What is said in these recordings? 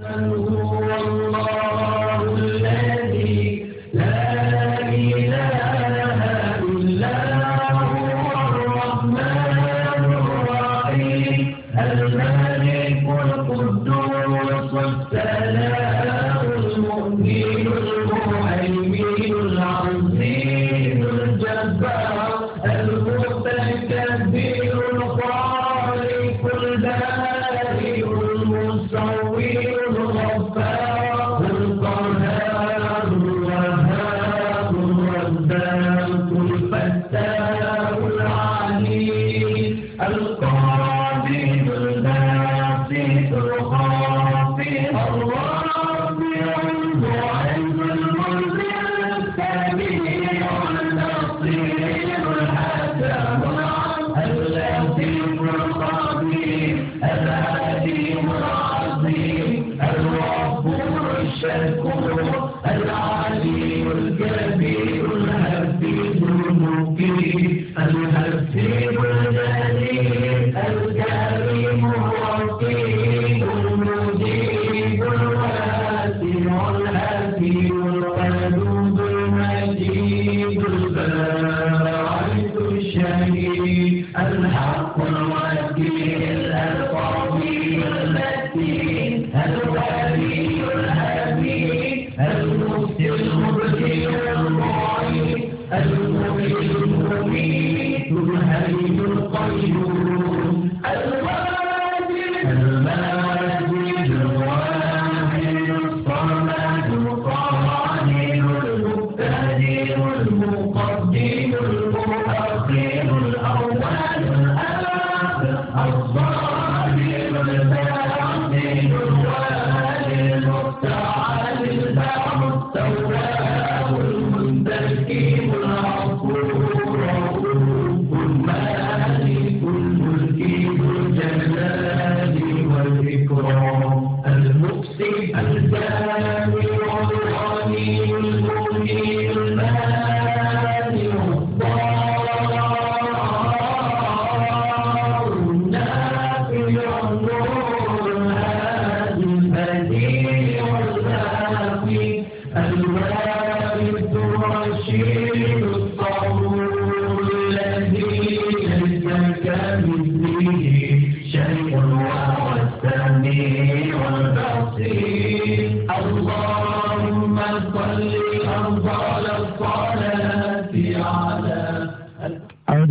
هو الله الذي Thank you.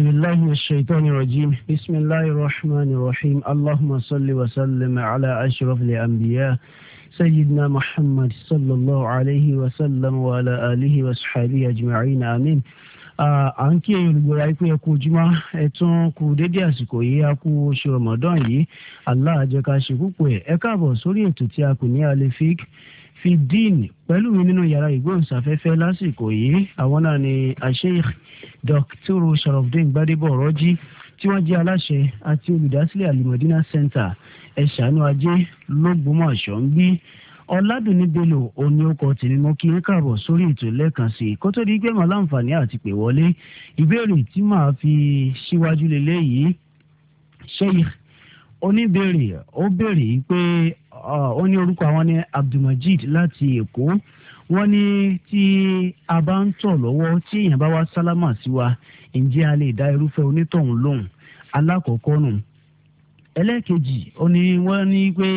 أعوذ بالله من الشيطان الرجيم بسم الله الرحمن الرحيم اللهم صل وسلم على أشرف الأنبياء سيدنا محمد صلى الله عليه وسلم وعلى آله وصحبه أجمعين آمين à ń kí ẹ̀yin olùgbòrà yìí pé ẹ kú ojúmọ́ ẹ tún kú déédéé àsìkò yìí a kú oṣù Ramadan yìí Allah ṣe púpọ̀ ẹ̀ ẹ káàbọ̀ sórí ètò tí a kò ní alefik fi dín pẹ̀lú mi nínú yàrá ìgbóhùnsáfẹ́fẹ́ lásìkò yìí àwọn náà ni Sheikh dr sharafdin gbadebo ọ̀rọ̀jì tí wọ́n jẹ́ aláṣẹ àti olùdásílẹ̀ alimọ̀dínà center ẹ̀ṣánú ajé lọ́gbọ́mọṣọ́ ń gbé ọ̀làdùnní bello òní ọkọ̀ tèmi mọ́ kí n káàbọ̀ sórí ètò lẹ́ẹ̀kan sí i kó tó di gbẹ̀mọ̀ láǹfààní àti pè wọlé ìbéèrè tí màá fi síwájú lélẹ́yìí ṣẹ́yìn oníbèrè ó béèrè pé ó ní orúkọ àwọn ní abdulmajid láti èkó wọ́n ní tí a bá ń tọ̀ lọ́wọ́ tí èèyàn bá wá sálámà sí wa ǹjẹ́ a lè dá irúfẹ́ onítọ̀hún lóhùn alákọ̀ọ́kọ́ nù ẹlẹ́ẹ̀kejì ni wọ́n ní pé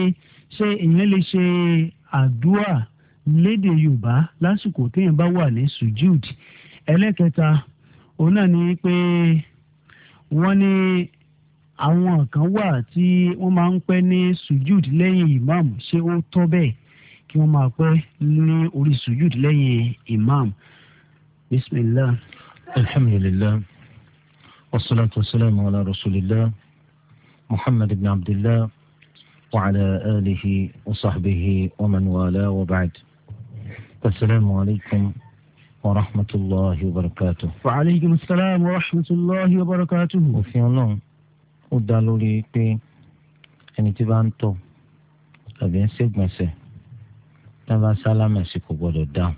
ṣé èèyàn lè ṣe àdúrà lédè yorùbá lásìkò téèyàn bá wà ní sujud ẹlẹ́ẹ̀kẹta òun náà ni pé wọ́n ní àwọn kan wà tí wọ́n máa ń pẹ́ ní sujud lẹ́yìn imam ṣé ó tọ́ bẹ́ẹ̀ kí wọ́n máa pẹ́ ní orí sujud lẹ́yìn imam bisimilah. alhamdulilah wasalaatu wasalaamu ala rasulillah muhammad ibn abdillah wa ala alihi wa sahbihi wa man wala wa ba'd asalaamu alaykum. ورحمة الله وبركاته وعليكم السلام ورحمة الله وبركاته òfin ọlọ́run ó dá lórí pé ẹni tí bá ń tọ̀ àbí ń ṣègbọ̀nsẹ̀ tábà sálámà sí kò gbọdọ̀ dáhùn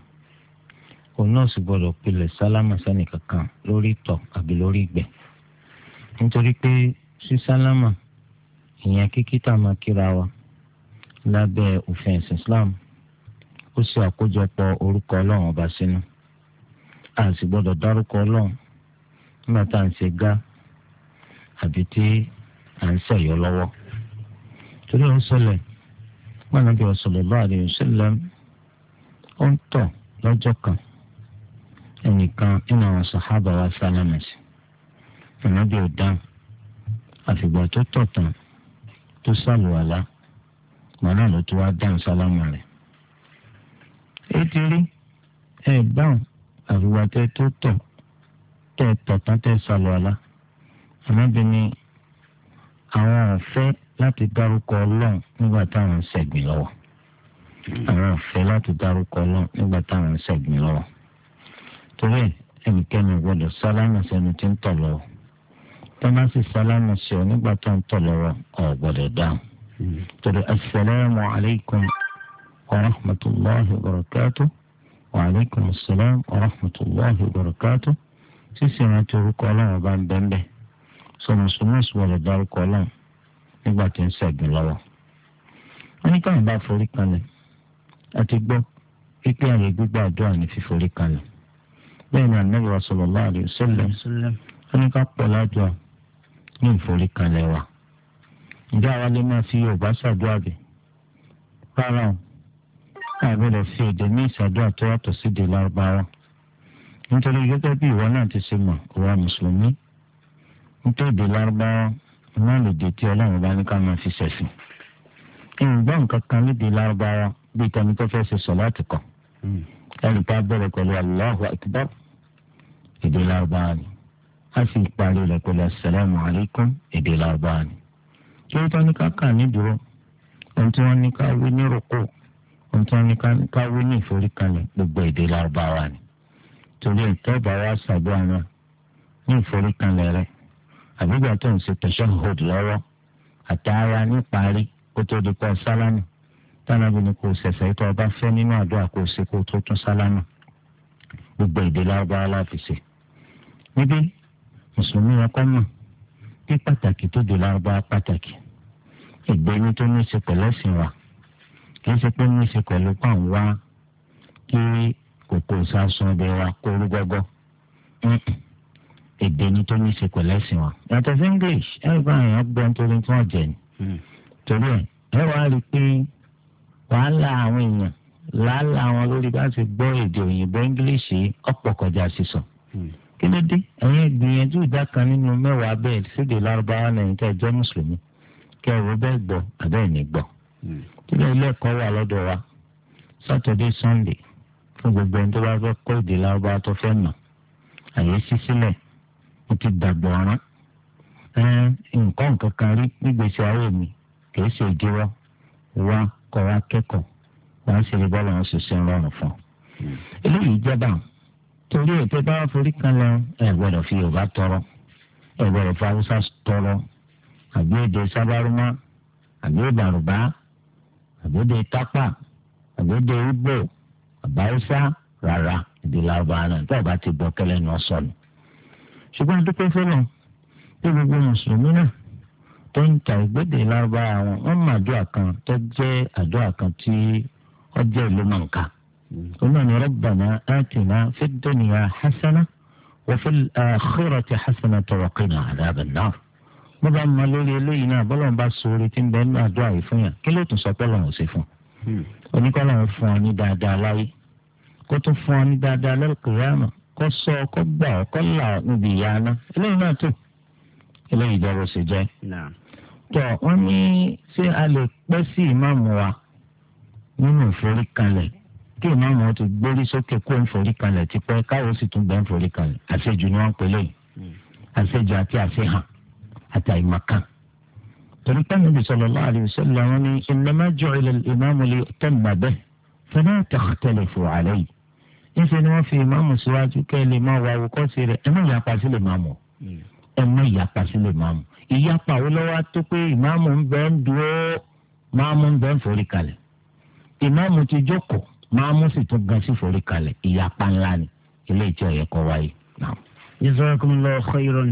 òun náà sì gbọdọ̀ pilẹ̀ sálámà sẹ́nì kankan lórí ìtọ̀ àbí lórí ìgbẹ́ nítorí pé sí sálámà ìyẹn kíkítà máa kíra wa lábẹ́ òfin ẹ̀sìn Islam ó ṣe àkójọpọ̀ orúkọ ọlọ́run ọba sínú a sì gbọ́dọ̀ dárúkọ ọlọ́run nígbà tá à ń ṣe gá àbí tí à ń ṣẹ̀yọ́ lọ́wọ́ torí ó ń ṣẹlẹ̀ pàànàbí sallallahu alayhi wa sallam ó ń tọ̀ lọ́jọ́ kan ẹnìkan nínú àwọn sàhábà wa sálámà sí pàànàbí ò dáhùn àfìgbà tó tọ̀ tán tó sàlùwàlá màánà ló tó wá dáhùn sálámà rẹ̀ ẹ ti rí ẹ dáhùn àfìgbà tó tọ̀ tẹ tọ̀ tán tẹ sàlùwàlá àmọ́bìnrin àwọn fẹ́ láti dárúkọ ọlọ́run nígbà táwọn ń ṣẹ̀gbìn lọ́wọ́ àwọn fẹ́ láti dárúkọ ọlọ́run nígbà táwọn ń ṣẹ̀gbìn lọ́wọ́ torí ẹnikẹ́ni gbọ́dọ̀ sálámù sẹ́ni tí ń tọ̀ lọ́wọ́ tọ́másì sálámù sí ọ nígbà tó ń tọ̀ lọ́wọ́ ọ̀ gbọ́dọ̀ dáhùn torí asalaamu alaykum wa rahmatulahi wa barakatu wa alaykum asalaam wa rahmatulahi wa barakatu sísè wọn ti orúkọ ọlọ́run ọba ń bẹ́ńbẹ́ sọ mùsùlùmí sùwọ̀n lè dárúkọ ọlọ́run nígbà tó ń ṣẹ̀gbìn lọ́wọ́. wọ́n ní káwọn bá forí kalẹ̀ àti gbọ́ pípẹ́ àyè gbígbà àdúrà ní fíforí kalẹ̀. bẹ́ẹ̀ ni Ànábì sallallahu alaihi wasallam wọ́n ní ká pọ̀ ládùúà ní ìforí kalẹ̀ wa. ǹjẹ́ àwa lè máa fi Yorùbá ṣàdúrà bẹ̀? rárá o àbẹ̀rẹ̀ fi èdè ní ìṣàdúrà tó yàtọ̀ sí èdè lárúbáwá nítorí gẹ́gẹ́ bí ìwọ náà ti ṣe mọ̀ ìwà mùsùlùmí nítorí èdè lárúbáwá náà lòdì tí ọlọ́run bá ní ká máa fi ṣẹ̀sìn. ǹgbọ́n nǹkan kan níbi lárúbáwá bíi tẹni tó fẹ́ ṣe sọ̀láàtì kan hmm. ẹnì ká bẹ̀rẹ̀ pẹ̀lú Allahu akbar èdè lárúbáwá ni a sì parí rẹ̀ pẹ̀lú assalamu alaikum èdè lárúbáwá ni. kí ló tán ní ká kà ní dúró ohun tí wọ́n ní ká wí ní rúkú ohun tí wọ́n ní ká wí ní ìforíkalẹ̀ gbogbo èdè lárúbáwá ni. torí ẹ̀ tẹ́ bá wa ṣàdúrà náà ní ìforíkalẹ̀ rẹ̀ àbígbà tó ń ṣe tashahhud lọ́wọ́ àtàrà níparí kó tó di kọ́ sálámù tánàbí ni kò ṣẹ̀ṣẹ̀ tó o bá fẹ́ nínú àdúrà kò ṣe kó tó tún sálámù gbogbo èdè lárúbáwá láfi ṣe. níbí mùsùlùmí ọkọ mọ̀ bí pàtàkì tó dè lárúbáwá pàtàkì ìgbẹ́ni tó ní ṣe pẹ̀lú ẹ̀sìn wa kì í ṣe pé ní ṣe pẹ̀lú pàm wá kí kòkòrò sásun ọbẹ̀ wa kó rú gọ́gọ́ èdè ni tó ní ṣe pẹ̀lú ẹ̀sìn wọn. yàtọ̀ sí english ẹ̀rọ bá àwọn èèyàn gbọ́ nítorí tí wọ́n jẹ ni. Hmm. torí ẹ ẹ wàá rí i pé wàhálà àwọn èèyàn làálàá àwọn lórí bá ti gbọ́ èdè òyìnbó english ọ̀pọ̀ kọjá sísọ. Hmm. kí ló dé ẹ̀yin gbìyànjú ìdá kan nínú mẹ́wàá bẹ́ẹ̀ síde lárúbáwá náà níta ẹjọ́ mùsùlùmí kí ẹ̀rọ bẹ́ẹ̀ gbọ́ àbẹ́ẹ̀ ní gbọ́. Hmm. kí ilé ẹ̀kọ́ wà lọ́dọ̀ wa saturday sunday fún gbogbo ẹni tó bá fẹ́ kọ́ èdè lárúbáwá tó fẹ́ mọ̀ àyè sí mo ti dàgbọ̀ ọ̀ràn nǹkan kankan rí nígbèsè ayé mi kìí ṣe ìdíwọ́ wá kọ́ wá kẹ́kọ̀ọ́ wọ́n ṣe lè bọ́ọ̀lù wọn ṣiṣẹ́ rọrùn fún un. eléyìí jẹba torí ètò bá forí kan lọ ẹ gbọ́dọ̀ fi yorùbá tọrọ ẹ gbọ́dọ̀ fi haúsá tọrọ àbí èdè sábàrúmọ àbí ìbàrùbá àbí èdè tápà àbí èdè igbó àbáwúsá rárá ìdílé àbáná tó o bá ti bọ kẹlẹ ní ọsọ ni ṣùgbọ́n adúpẹ́ fọlọ́n pé gbogbo mùsùlùmí náà tó ń ta ìgbéde lárúbáwá àwọn wọn mọ àdúrà kan tó jẹ́ àdúrà kan tí ó jẹ́ ìlú mọ̀nká. ومن ربنا آتنا في الدنيا حسنة وفي الآخرة حسنة وقنا عذاب النار wọ́n bá ma lórí eléyìí náà bọ́lọ́n bá so orí tí ń bẹ nínú àdúrà yìí fún yàn kí ló tún sọ pé lọ́wọ́ sí fún un. oníkọ́ hmm. fún ọ ní dáadáa láyé kó tún fún ọ ní dáadáa lẹ́kọ̀ọ́ kó sọ kó gbà kó là níbi ìyá aná eléyìí náà tó eléyìí jẹ́ bó ṣe jẹ́. tó ó ní ṣé a lè pẹ́ sí ìmáàmù wa nínú ìforíkalẹ̀ kí ìmáàmù wa ti gbórí sókè kó ìforíkalẹ̀ ti pẹ́ káwọ́ sì tún bẹ́ẹ̀ ìforíkalẹ̀ àṣejù ni wọ́n pè lẹ́yìn àṣejù àti àṣehàn àti àìmọ̀kan. torí pẹ́ẹ́nì bí sallallahu alaihi wasallam ní innama ju'ila al-imamu li yu'tamma níṣẹ́ ni wọ́n fi ìmáàmù síwájú kẹ́ ẹ lè máa wà àwòkọ́sí rẹ̀ ẹ má yàpá sí lè máa mọ̀ hmm. ẹ má yàpá sí lè máa mọ̀ ìyapa wo lọ́wọ́ tó pé ìmáàmù ń bẹ́ ń dúró máàmù ń bẹ́ ń forí kalẹ̀ ìmáàmù ti jókòó máàmù sì tún gan sí forí kalẹ̀ ìyapa ńlá ni ilé ìjọ yẹ kọ́ wáyé. jazakumullahu khairan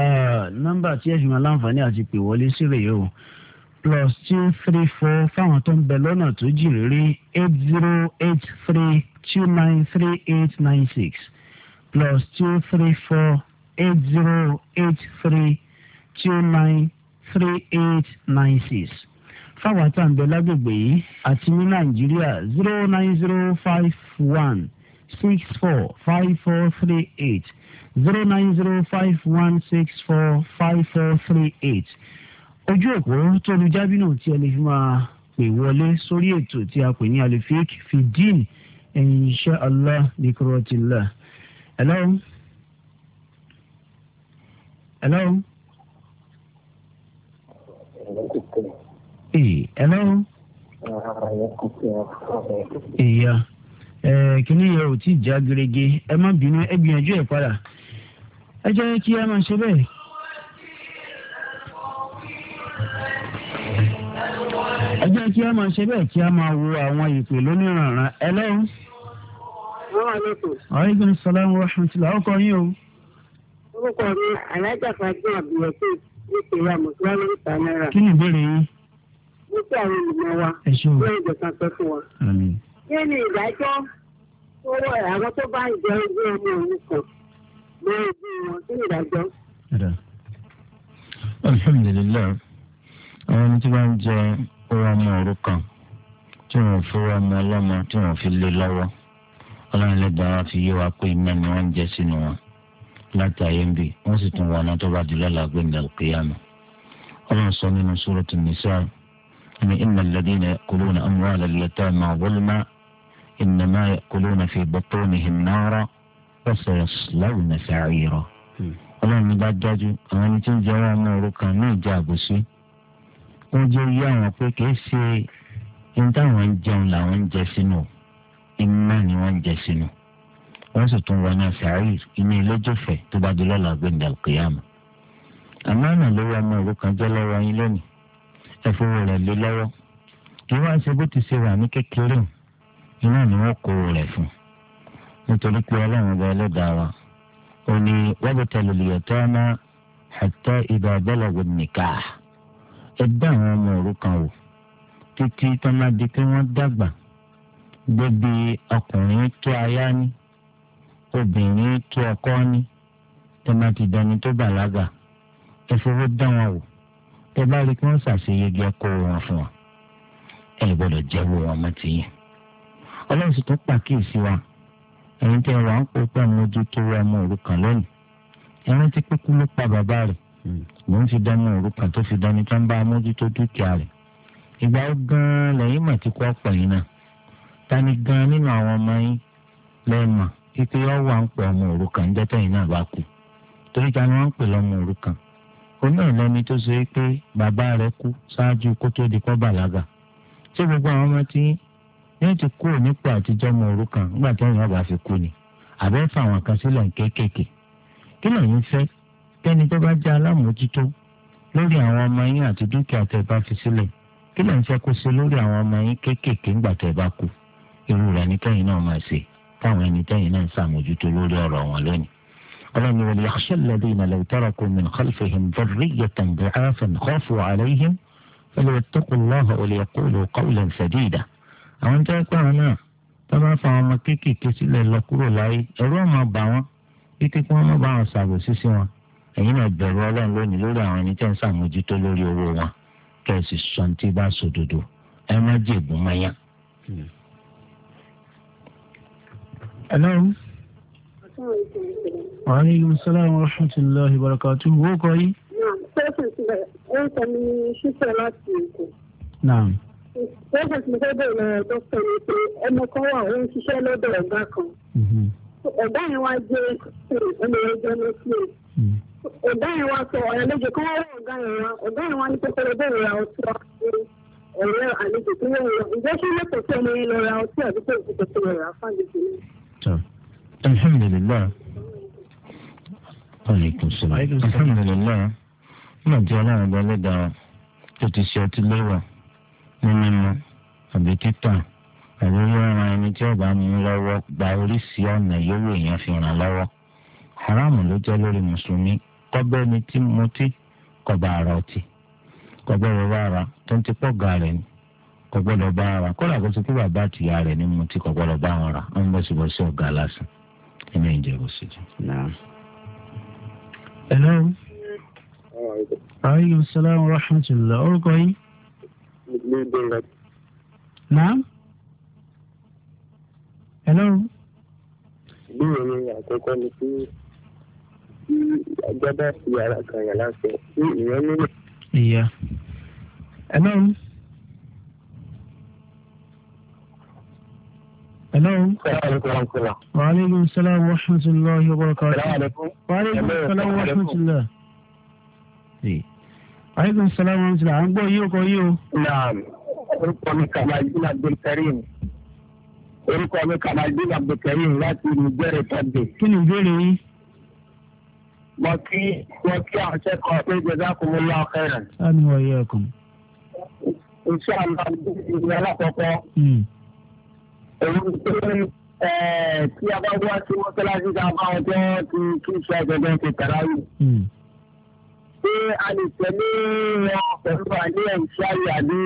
ah, nọ́mbà tí ẹ fi máa láǹfààní àti pè sí rèé o plus two three four fáwọn tó ń bẹ lọ́nà tó jìn eight zero eight three two nine three eight nine six plus two three four eight zero eight three two nine three eight nine six fáwọn àtàǹbẹ̀ lágbègbè yìí àti ní nàìjíríà zero nine zero five one six four five four three eight zero nine zero five one six four five four three eight ojú òpó tóbi jábínú tí ẹ lè fi máa pè wọlé sórí ètò tí a pè ní alifik fidin insha allah likrotillah hello hello ee hello ìyá kìnìún yẹn ò tí ì já gerege ẹ má bínú ẹ gbìyànjú ẹ padà ẹ jẹ́ kí ẹ máa ṣe bẹ́ẹ̀ ẹ jẹ́ kí a máa ṣe bẹ́ẹ̀ kí a máa wo àwọn ìpè lóníranran ẹlẹ́yìn. aleykum salaam wa rahmatulah ọkọ yín o. orúkọ mi alájà fàájì àbúrẹ́sì ní ìpínlẹ̀ àmọ̀tíwá ló ń ta náírà. kí ni ìbéèrè yín. mo kí àwọn olùmọ̀ wa lórí ìjọba pẹ́ fún wa. kí ni ìdájọ́ tó rọ àwọn tó bá ń jẹ ogún ọmọ òun kan lórí ojú wọn kí ni ìdájọ́. alhamdulilayi àwọn ẹni tí wọ́n ń jẹ rọ ọmọ òrukàn tí wọn fi rọ ọmọ ọlọ́mọ tí wọn fi lé lọ́wọ́ Ọlọ́run lẹgbàá wa fi yé wa pé iná ni wọn ń jẹ sínú wọn láti ayé ń bì wọn sì tún wọnà tó bá di lọ́la gbẹ̀ngàn kéyàmù Ọlọ́run sọ nínú Suratul Nisa ni innal ladhina ya'kuluna amwala al-yatama zulman innama ya'kuluna fi butunihim nara wa sayaslawna sa'ira hmm. Ọlọ́run ní bá dájú àwọn ẹni tí ń jẹ wọn ọmọ òrukàn ní ìjà àbòsí tó jẹ́ yí àwọn pé kìí ṣe ní táwọn ń jẹun làwọn ń jẹ sínú iná ni wọ́n ń jẹ sínú wọ́n sì tún wọnà sàárì iná iléjòfẹ́ tó bá di lọ́la gbẹ̀ndà kìyàmù. àmọ́ àná lórí ọmọ òru kan jẹ́ lọ́wọ́ yín lónìí ẹ̀fọ́ rẹ̀ lé lọ́wọ́ kí wọ́n ṣe bó ti ṣe wà ní kékeré iná ni wọ́n kó rẹ̀ fún nítorí pé ọlọ́run ọba ẹlẹ́dàá wa ò ní wọ́n bẹ tẹ̀lé lìyẹ̀tọ́ náà hatta idha balagha an-nikah ẹ dá àwọn ọmọ òrukàn wò títí tó má di pé wọ́n dàgbà gbẹ̀bí ọkùnrin tó aya ní obìnrin tó ọkọ ní tó má ti dání tó bàlágà ẹ fọwọ́ dá wọn wò tẹ bá rí i kí wọ́n ṣàṣeyege ọkọ wọn fún wọn ẹ gbọ́dọ̀ jẹ́wọ́ wọn mọ́ ti yẹn ọlọ́run sì tún pàkíyèsí wa ẹ̀yin tẹ́ wà ń pè pé àwọn tó wọ ọmọ òrukàn lónìí ẹ̀yin ti pé ló pa bàbá rẹ̀ hmm. lòun fi dání òrukàn tó fi dání tó ń bá amójútó dúkìá rẹ̀ ìgbà ó gan lẹ́yìn mà ti kò pẹ yín náà tani gan nínú àwọn ọmọ yín lẹ́ẹ̀mà pípé ọ wà ń pè ọmọ òrukàn jẹ́tọ̀ yìí náà bá kú torí ta ni wọ́n ń pè lọ́mọ òrukàn ó náà lẹ́ni tó ṣe é pé bàbá rẹ̀ kú ṣáájú kó tó di kọ́ ṣé gbogbo àwọn ọmọ ti nípò àtijọ́ ọmọ tẹ́ni tó bá jẹ́ alámòójútó lórí àwọn ọmọ yín àti dúkìá tẹ́ bá fi sílẹ̀ kí lè ń fẹ́ kó ṣe lórí àwọn ọmọ yín kéékèèké ńgbà tẹ́ bá kú irú rẹ̀ ní tẹ́yìn náà máa ṣe táwọn ẹni tẹ́yìn náà ń ṣàmójútó lórí ọ̀rọ̀ wọn lónìí. ọlọ́ni wọlé yakhshal ladina law taraku min khalfihim dhurriyatan dhi'afan khafu alayhim falyattaqullaha wa liyaqulu ẹ̀yin náà bẹ̀rù ọlọ́run lónìí lórí àwọn ẹni tẹ́ ń sàmójútó lórí owó wọn kẹ́ ẹ sì sọ ní tí bá sòdodo ẹ má jègún mayá. ẹ̀lọ́ wàhálà ìlú sálàmù rahmatulahi barakatu wo kọ yìí. naam pẹ́sẹ̀ sílẹ̀ ó ń sọ mi ṣíṣe láti èkó. naam. pẹ́sẹ̀ sílẹ̀ fẹ́ bẹ̀rẹ̀ lọ́wọ́ dókítà mi pé ẹnu kan wà ó ń ṣiṣẹ́ lọ́dọ̀ ọ̀gá kan. Mm-hmm. ọ̀gá yẹn wá jẹ́ ẹnìyẹn jẹ́ lọ́sílẹ̀. ọ̀gá yẹn wá sọ ọ̀rẹ́ méje kí wọ́n rí ọ̀gá yẹn ní kókóró bẹ́ẹ̀ ra ọtí wá sí ọ̀rẹ́ àlejò tí wọ́n lọ kọ́bẹ́ ni tí mo ti kọ̀bà ara ọtí kọ̀bẹ́ lọ bá ara tó ń ti pọ̀ ga rẹ̀ ni kọ̀bẹ́ lọ bá ara kọ́lá kó ti kí bàbá àtìyá rẹ̀ ni mo ti kọ̀bẹ́ lọ bá wọn ra wọ́n bọ̀ síbọ̀ sí ọ̀gá lásán ẹ̀mí ìjẹ́ kò sí jù. hello. aleykum salaam wa rahmatulah orúkọ yín. naam. hello. ìbéèrè mi àkọ́kọ́ ni pé tí ẹgbẹ́ bá fi ara kan yàn láṣẹ tí ìyẹn nílò. ìyá hello. hello. wa salaam wa rahmatulahi wa barakatuh. wa aleykum salaam wa rahmatulahi. wa aleykum salaam wa rahmatulahi. à ń gbọ́ yìí o kò yìí o. naam orúkọ mi Kamaldeen Abdulkareem orúkọ mi Kamaldeen Abdulkareem láti Niger republic. kí ni ìbéèrè yín mo kí mo kí àwọn akẹ́kọ̀ọ́ pé jẹ́dá kò mú lọ kẹrẹ̀. sani wọ iye ẹkùn. iṣẹ́ àná ìlú alákọ̀ọ́kọ́. Hmm. èyí pé tí a bá wá sí mọ́tálásí tá a bá wọn jẹ́ ti kí iṣẹ́ ẹgbẹ̀gbẹ̀ ti tàrà yìí. Hmm. ṣé a lè tẹ̀lé wọn pẹ̀lú àníyàn iṣẹ́ ayé àbí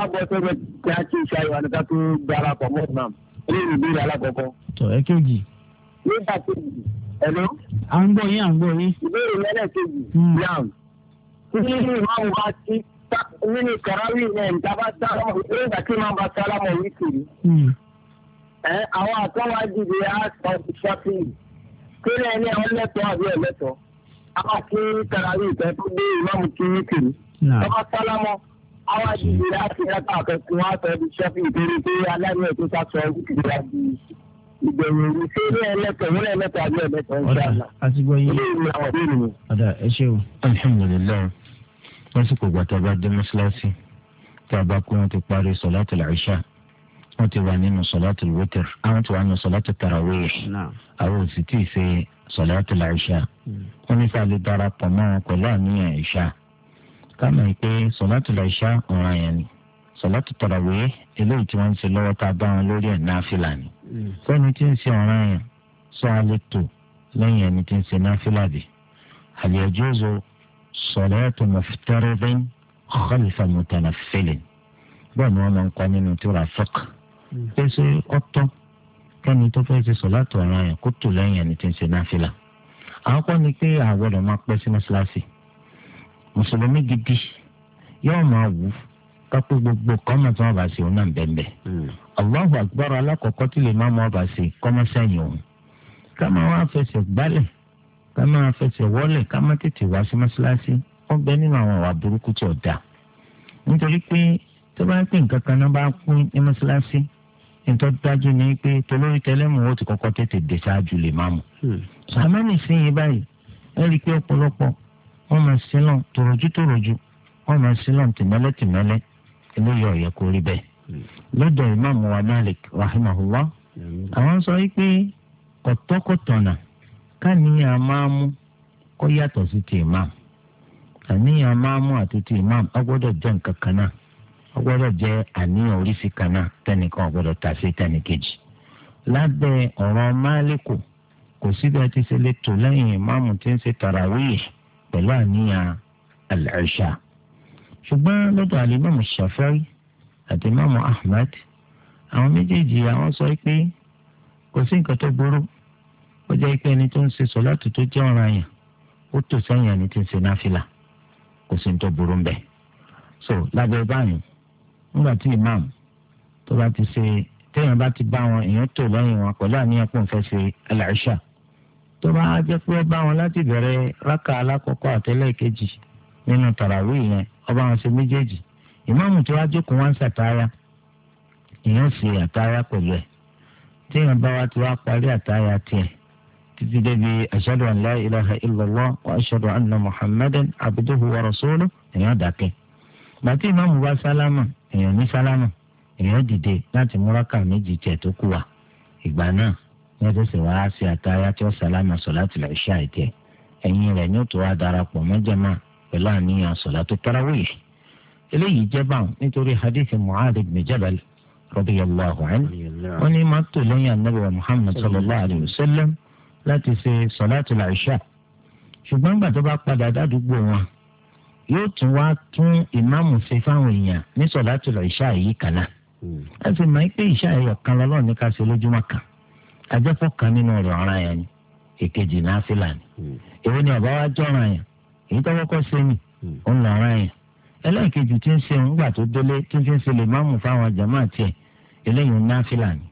àbọ̀ sẹ́gbẹ̀ tí a ti iṣẹ́ ayé wà nípa tó darapọ̀ mọ́ ìmọ̀ ilé ìlú alákọ̀ọ́kọ́. tọ́ ẹ kéjì. nígbà kejì Hello. À ń gbọ́ yín, à ń gbọ́ yín. Ìbéèrè lẹ́lẹ́kejì. Yàm. Hmm. Tí ìmáàmù bá ti nínú kàráwì náà ń tábà sálámù, ìbéèrè ìgbà tí ìmáàmù bá sálámù yìí kiri. Ẹ àwọn àtọ́wá dìde á sọ ìṣọ́pì. Kílẹ̀ ní àwọn lẹ́tọ̀ọ́ àbí ẹ̀lẹ́tọ̀ọ́. A máa kí kàráwì ìtẹ́ tó dé ìmáàmù kiri kiri. Tọ́ba sálámù àwọn àdìgbò láti ẹ̀ka àkẹ́kọ̀ọ́ àtọ̀ ìṣọ́pì ìbéèrè pé aláìní ẹ̀ tó sá sọ ọ́ ìbẹ̀rù òru tó ní ẹlẹ́tọ̀ ní ẹlẹ́tọ̀ àbí ẹlẹ́tọ̀ ń ṣàlà. àti gbọ́ yé ọ̀dà ẹ ṣe o. alhamdulilayi lásìkò ìgbà tá a bá dé mọ́ṣáláṣí tá a bá kú wọn ti parí sọ̀láàtì làìṣà wọn ti wà nínú sọ̀láàtì wọ́tẹ̀r àwọn ti wà nínú sọ̀láàtì tarawele àwọn ò eléyìí tí wọ́n ń ṣe lọ́wọ́ tá a bá wọn lórí ẹ̀ náà fìlà ni sẹ́ni tí ń ṣe ọ̀ràn yẹn sọ alẹ́ tó lẹ́yìn ẹni tí ń ṣe náfìlà bì àlẹ́jọ́zọ salatu muftaridin khalfa mutanaffilin bẹ́ẹ̀ ni wọ́n máa ń kọ́ nínú tíra fọ́k pé ṣé ọ̀tọ̀ kẹ́ni tó fẹ́ ṣe sọ̀látò ọ̀ràn yẹn kó tó lẹ́yìn ẹni tí ń ṣe náfìlà àkọ́kọ́ ni pé àgbọ̀dọ̀ máa pẹ́ sí mọ́ṣáláṣí mùsùlùmí gidi yóò máa allahu akbar alákọ̀ọ́kọ́ tí lè ma mọ́ ọba sí kọ́mọ́sẹ́yìn òun ká kama wá fẹsẹ̀ gbálẹ̀ ká máa fẹsẹ̀ wọ́lẹ̀ ká tètè wá sí mọ́ṣáláṣí bẹ nínú àwọn àwa burúkú tí ò dáa nítorí pé tó bá náà bá pín ní nítorí dájú ni pé tolórí ti tètè lọ́dọ̀ ìmáàmù wa Malik rahimahullah àwọn sọ wípé kọ̀tọ́kọ̀tọ̀nà káníyàn máa mú kó yàtọ̀ sí ti ìmáàmù àníyàn máa mú àti ti ìmáàmù ó gbọ́dọ̀ jẹ́ nǹkan kan náà ó jẹ́ àníyàn oríṣi kan náà tẹnìkan ó ta sí tẹnìkejì lábẹ́ ọ̀rọ̀ máàlíkù kò síbi àti lẹ́yìn ìmáàmù tí ń ṣe tàràwíyè pẹ̀lú àníyàn ṣùgbọ́n lọ́dọ̀ àti imaamu ahmed àwọn méjèèjì àwọn sọ pé kò sí nǹkan tó burú ó jẹ́ pé ẹni tó ń ṣe sọ́láàtù tó jẹ́ ọ̀ràn àyàn ó tò sẹ́yìn ẹni tí ń ṣe náfìlà kò sí nǹkan tó burú ń bẹ̀. so lábẹ́ báyìí nígbà tí imam tó bá ti ṣe téèyàn bá ti bá wọn èèyàn tò lẹ́yìn wọn pẹ̀lú àníyàn pò ń fẹ́ ṣe aláìṣà tó bá jẹ́ pé ó bá wọn láti bẹ̀rẹ̀ rákà alákọ̀ọ́kọ́ àtẹ́lẹ̀ kejì nínú tàràwí yẹn ó wọn ṣe méjèèjì ìmáàmù tó wá jókòó wá ń ṣàtàyà èèyàn ṣe àtàyà pẹ̀lú ẹ̀ tí èèyàn bá wá ti wá parí àtàyà tiẹ̀ títí débi ashhadu an la ilaha illallah wa ashhadu anna muhammadan abduhu wa rasuluhu èèyàn dákẹ́ gbàtí ìmáàmù bá sálámà èèyàn ní sálámà èèyàn dìde láti múrákà méjì tiẹ̀ tó kù wá ìgbà náà wọ́n ṣẹ̀ṣẹ̀ wá ṣe àtàyà tí ó sálámà sọ̀láàtì eléyìí jẹ́ báwọn nítorí hadithi mu'adh ibn jabal radiyallahu anhu wọn ní máa tó lẹ́yìn anabi wa muhammad sallallahu alayhi wa sallam láti ṣe sọláàtì làṣà ṣùgbọ́n gbà tó bá padà dádúgbò wọn yóò tún wá tún ìmáàmù ṣe fáwọn èèyàn ní sọláàtì làṣà yìí kan náà ẹ sì máa ń pé ìṣà ẹ̀yọ̀ kan lọ́lọ́ ní ká ṣe lójúmọ́ kan ajẹ́pọ̀ kan nínú rẹ̀ ọ̀ràn yẹn ni èkejì náà fìlà ni hmm. èwo ni ọ̀bá wa jọ̀ràn yẹn èyí tó kọ́kọ́ ṣe ni ó hmm. yẹn ẹlẹ́ẹ̀kejì tí ń ṣe ńgbà tó délé tí ń fi ń ṣe lè máàmù fáwọn jàmá tiẹ̀ eléyìí ń ná fìlàní.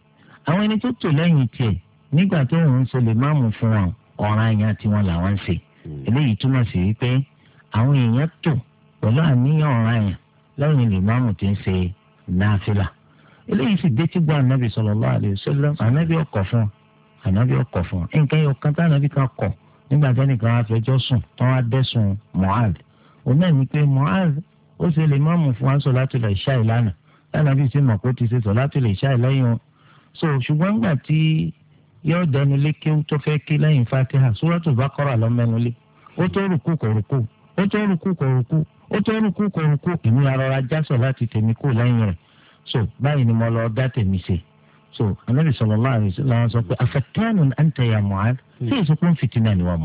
àwọn ẹni tó tò lẹ́yìn tiẹ̀ nígbà tó ń ṣe lè máàmù fún wọn ọ̀ràn àyàn tiwọn làwọn ń ṣe. Hmm. eléyìí túmọ̀ sí wípé àwọn èèyàn tò pẹ̀lú àníyàn ọ̀ràn àyàn lẹ́yìn lè máàmù tí ń ṣe náfìlà. eléyìí sì dé tí gbọ́ ànábì sallallahu alaihi ó ṣe lè má mú fún wa sọ̀látùl ìṣá ìlànà lánàá bí ṣe mọ̀ ti ṣe sọ̀látùl ìṣá ìlẹ́yìn o so ṣùgbọ́n gbà tí yóò dẹnu lé kí ó tó fẹ́ kí lẹ́yìn fatiha súrọ́tù bákọ́rà lọ mẹ́nu lé ó tó rùkú kòrùkú ó tó rùkú kòrùkú ó tó rùkú kòrùkú èmi arọra jásọ̀ láti tèmi kú lẹ́yìn rẹ̀ so báyìí ni mo lọ dá tèmi ṣe so anabi sallallahu alaihi wasallam sọ pé afatanu anta ya Mu'adh sí hmm. èso kó ń fìtínà ni wa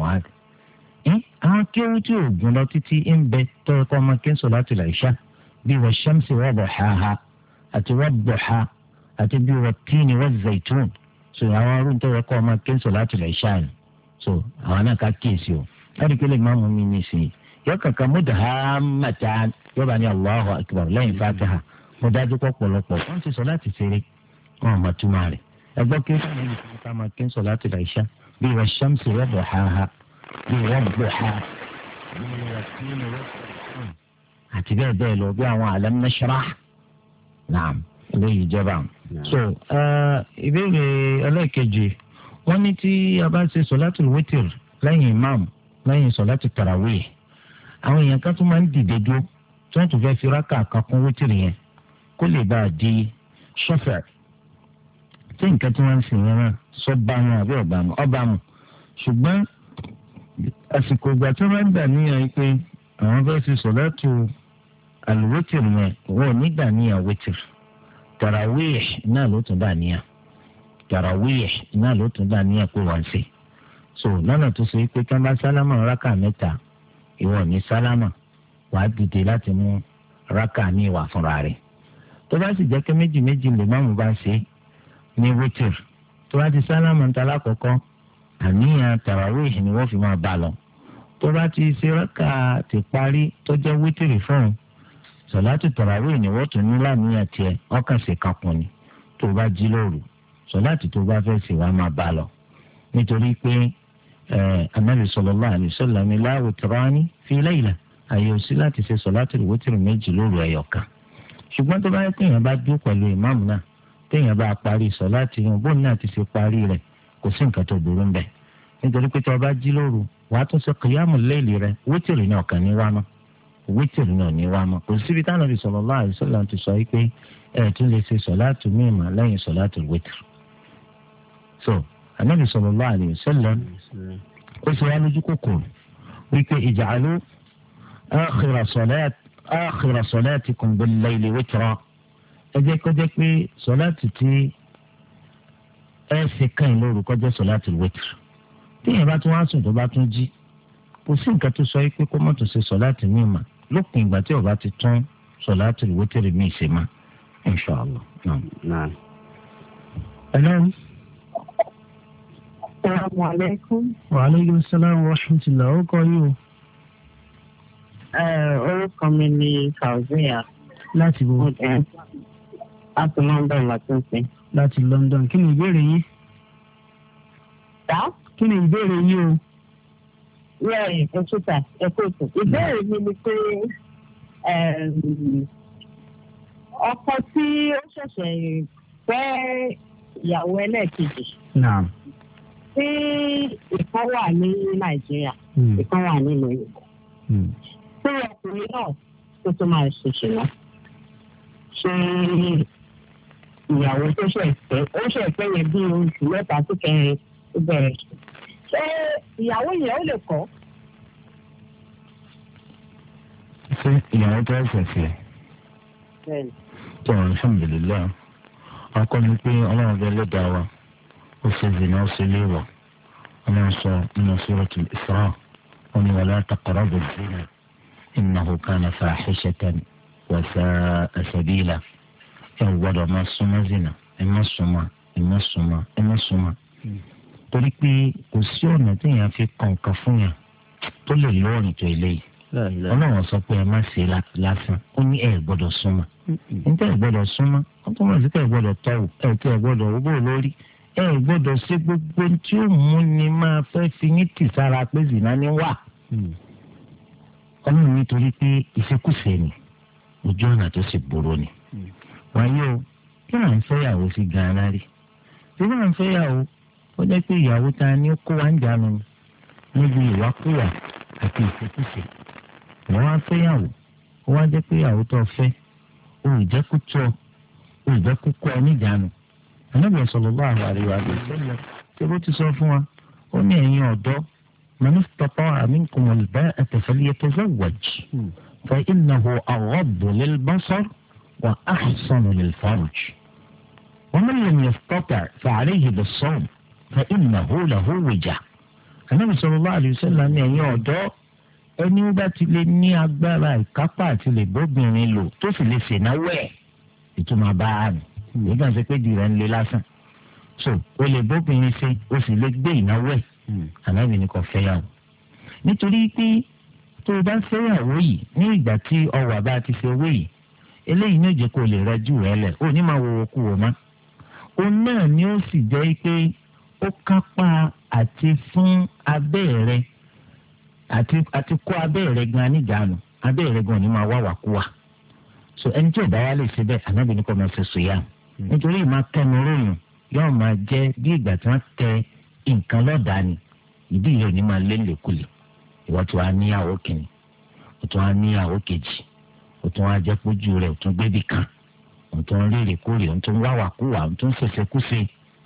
àwọn kéwú tí oògùn lọ títí ń bẹ tọ́yọ kọ́ ọmọ kí n sọ láti làyíṣà bí wọ́n ṣẹ́mṣì wọ́n bọ̀ háhá àti wọ́n bọ̀ há àti bí wọ́n tíìnì wọ́n zaitun so àwọn arúgbó tọ́yọ kọ́ ọmọ kí n sọ láti làyíṣà ni so àwọn náà ká kíyèsí o láti pé lè má mú mi ní ìsìn yóò kankan mú dàhámàtà yóò bá ní Allahu akbar lẹ́yìn fatiha mo dájú pọ̀ pọ̀lọpọ̀ wọ́n ti sọ láti ṣeré wọn ò mọ̀ túmọ̀ rẹ̀ ẹgbọ́n kí n sọ láti làyíṣà bí wọ́n ṣẹ́mṣì wọ́n bọ̀ háhá يوضحها àti bẹ́ẹ̀ bẹ́ẹ̀ lọ bí àwọn alam nashrah naam eléyìí jẹba. so ìbéèrè ẹlẹ́ẹ̀kejì wọ́n ní tí a bá ṣe sọ́látì wítìr lẹ́yìn imam lẹ́yìn sọ́látì tarawih àwọn èèyàn kan tún máa ń dìde dúró tí wọ́n tún fẹ́ fi rákà kan kún wítìr yẹn kó lè bá a di sọ́fẹ̀ tí nǹkan tí wọ́n ń sìn yẹn náà sọ àbí ọ̀bá mu ṣùgbọ́n àsìkò ìgbà tí wọ́n dà níyàn pé àwọn fẹ́ẹ́ fi sọ láti àlùwẹ́tìrì yẹn wọn ò níyàn wẹ́tìrì tàràwíyẹ náà ló tún dà níyàn tàràwíyẹ náà ló tún dà níyàn pé wọ́n ń so lọ́nà tó ṣe pé kánbá sálámà rákà mẹ́ta ìwọ ní sálámà wàá dìde láti mú rákà ní ìwà fúnra rẹ̀ tó bá sì jẹ́ pé méjì méjì lè má mú bá ní ti sálámà ń ta àníyàn tarawih ni wọ́n fi máa bá lọ tó bá ti ṣe rákà ti parí tó jẹ́ wítìrì fún un sọ̀láàtì tarawih ni wọ́n tún ní láníyàn tiẹ̀ ọkàn sì kankun ni tó bá jí lóru sọ̀láàtì tó bá fẹ́ ṣe wàá máa bá lọ nítorí pé anabi sallallahu alaihi wasallam ni la witrani fi layla àyè òsí láti ṣe sọ̀láàtì wítìrì méjì lóru ẹyọ kan ṣùgbọ́n tó bá yẹ kéèyàn bá dúró pẹ̀lú ìmáàmù náà téèyàn bá parí sọ̀láàtì yẹn bóun náà ti ṣe parí rẹ̀ kò sí nǹkan tó burú ń bẹ̀ nítorí pé tí a bá jí lóru wàá tún sọ kìyàmù léèlì rẹ wítìrì náà kàn ní wá mọ́ wítìrì náà ní wá mọ́ kò síbi táwọn Ànábì sallallahu alaihi wasallam ti sọ pé ẹ tún lè ṣe sọ̀láàtù mímọ́ lẹ́yìn sọ̀láàtù wítìrì. so Ànábì sallallahu alaihi wasallam ó ṣe wá lójú kòkòrò wípé ij'alu akhira salat akhira salatikum bil-layli witra ẹ jẹ́ kó pé sọ̀láàtù tí ẹ ṣe kẹ́yìn lóru kọjá sọ láti wẹ́tìrì téèyàn bá tún wá sùn tó bá tún jí kò sí nǹkan tó sọ pé kó mọ̀tò ṣe sọ láti mí mà lópin ìgbà tí ọba ti tún sọ láti wẹ́tìrì mí ṣe mà inṣàlá. ẹ̀lọ́ mi. salaamaleykum. waaleykum salaam wa rahmatulah ó kọ́ yìí o. orúkọ mi ni fauziya. láti wo. a ti máa láti ń sìn láti London kí ni ìbéèrè yín. tá. kí ni ìbéèrè yín o. rẹ ẹkúta ẹkúta ìbéèrè mi ni pé ọkọ tí ó ṣẹ̀ṣẹ̀ fẹ́ ìyàwó ẹlẹ́ẹ̀kejì. tí ìkan wà ní Nàìjíríà hmm. ìkan wà nílùú Èkó. tí ọkùnrin náà tó tó máa ṣe ṣìnà ṣe ìyàwó tó ṣẹ̀ fẹ́ ó ṣẹ̀ fẹ́ yẹn bí oṣù mẹ́ta tó kẹrin tó bẹ̀rẹ̀ ṣé ìyàwó yẹn ó lè kọ́. ṣé ìyàwó tó ẹsẹ̀ sí ẹ. bẹ́ẹ̀ni. tó alhamdulilayi ọkọ mi pé ọlọ́run bẹ ló dá wa ó ṣe zina ó ṣe léwà ọlọ́run sọ nínú suratul Isra ó ní wàlẹ́ àtàkọ́rọ́ bẹ̀rẹ̀ wala taqrabu zina innahu ṣẹṣẹ fahishatan wa ẹsẹ bí ilà. ẹ ò gbọ́dọ̀ máa súnmọ́ zina ẹ má súnmọ́ ẹ má súnmọ́ ẹ má súnmọ́ torí pé kò sí ọ̀nà téèyàn fi kàn kan fún yàn tó lè lọ́ọ̀rìn tó eléyìí ọlọ́run sọ pé ẹ má ṣe lásán ó ní ẹ gbọ́dọ̀ súnmọ́ níta ẹ gbọ́dọ̀ súnmọ́ wọ́n tó wọ́n sí ká ẹ gbọ́dọ̀ tọ́ ẹ tí ẹ gbọ́dọ̀ owó lórí ẹ gbọ́dọ̀ ṣe gbogbo tí ó mú ni máa fẹ́ fi yín tì sára pé zina ni wà. ọlọ́run nítorí pé ìṣekúṣe ni ojú ọ̀nà tó sì burú ni wáyé o kí là ń fẹ́yàwó sí gan-an rí bí là ń fẹ́yàwó ó jẹ́ pé ìyàwó ta ni ó kó wa ń jánu níbi ìwákùwà àti ìṣekúṣe wọ́n wá fẹ́yàwó ó wá jẹ́ pé ìyàwó tó fẹ́ ó ì jẹ́ kó tọ́ ó ì jẹ́ kó kọ́ ẹ níjànú ànábì sallallahu alaihi wa sallam tí ó ti sọ fún wa ó ní ẹ̀yin ọ̀dọ́ man istata'a minkum al-ba'ata falyatazawwaj fa innahu aghaddu lil-basar وأحسن للفرج ومن لم يستطع فعليه بالصوم فإنه له وجع النبي صلى الله عليه وسلم يعني يعدو ẹni ó bá ti lè ní agbára ìkápá àti lè bóbìnrin lò tó sì lè ṣènáwó ẹ ìtumọ̀ bá a nì nígbà tó pé dìrẹ̀ ń lé lásán so o lè bóbìnrin ṣe o sì lè gbé ìnáwó ẹ hmm. ànábì ni kò fẹ́yàwó nítorí pé tó o bá fẹ́yàwó yìí ní ìgbà tí ọwọ́ àbá ti ṣe owó yìí eléyìí ní òjò kò lè rẹjú rẹ lẹ o ní máa wọwọ kú wọ mọ òun náà ni ó sì jẹ́ pé ó kápá àti fún abẹ́ rẹ àti àti kó rẹ gan níjànú abẹ́ rẹ gan ni máa wá so ẹni tí ò lè ṣe bẹ́ẹ̀ ànábì ní kò máa ṣe sùn hmm. nítorí ìmọ̀ kẹnu ròyìn yóò máa bí ìgbà tí tẹ nǹkan ni ó tún á jẹ́ pójú rẹ̀ ó tún gbébì kan ó tún rírì kórè ó tún wáwàkúwà ó tún ṣẹṣẹ kúṣe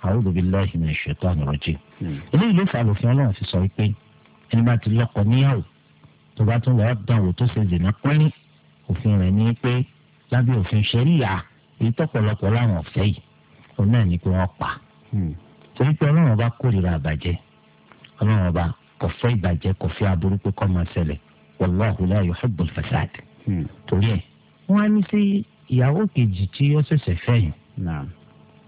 a'udhu billahi minash shaitani rajim. Hmm. eléyìí ló fà lófin ọlọ́run fi sọ pé ẹni bá ti lọ́kọ níyàwó tó bá tún lọ́ọ́ dánwò tó ṣe zìnà pínlẹ̀ òfin rẹ̀ ní pé lábẹ́ òfin ṣẹ́ríyà èyí tọ́pọ̀lọpọ̀ láwọn ọ̀fẹ́ yìí òun náà ní pé wọ́n pa. Hmm. torí pé ọlọ́run ọba kórìíra àbàjẹ́ ọlọ́run ọba kò ìbàjẹ́ kò aburú pé kó máa ṣẹlẹ̀ wallahu la yuhibbul fasad. Hmm. torí ẹ̀ wọ́n á ní sí ìyàwó kejì tí ó ṣẹ̀ṣẹ̀ fẹ́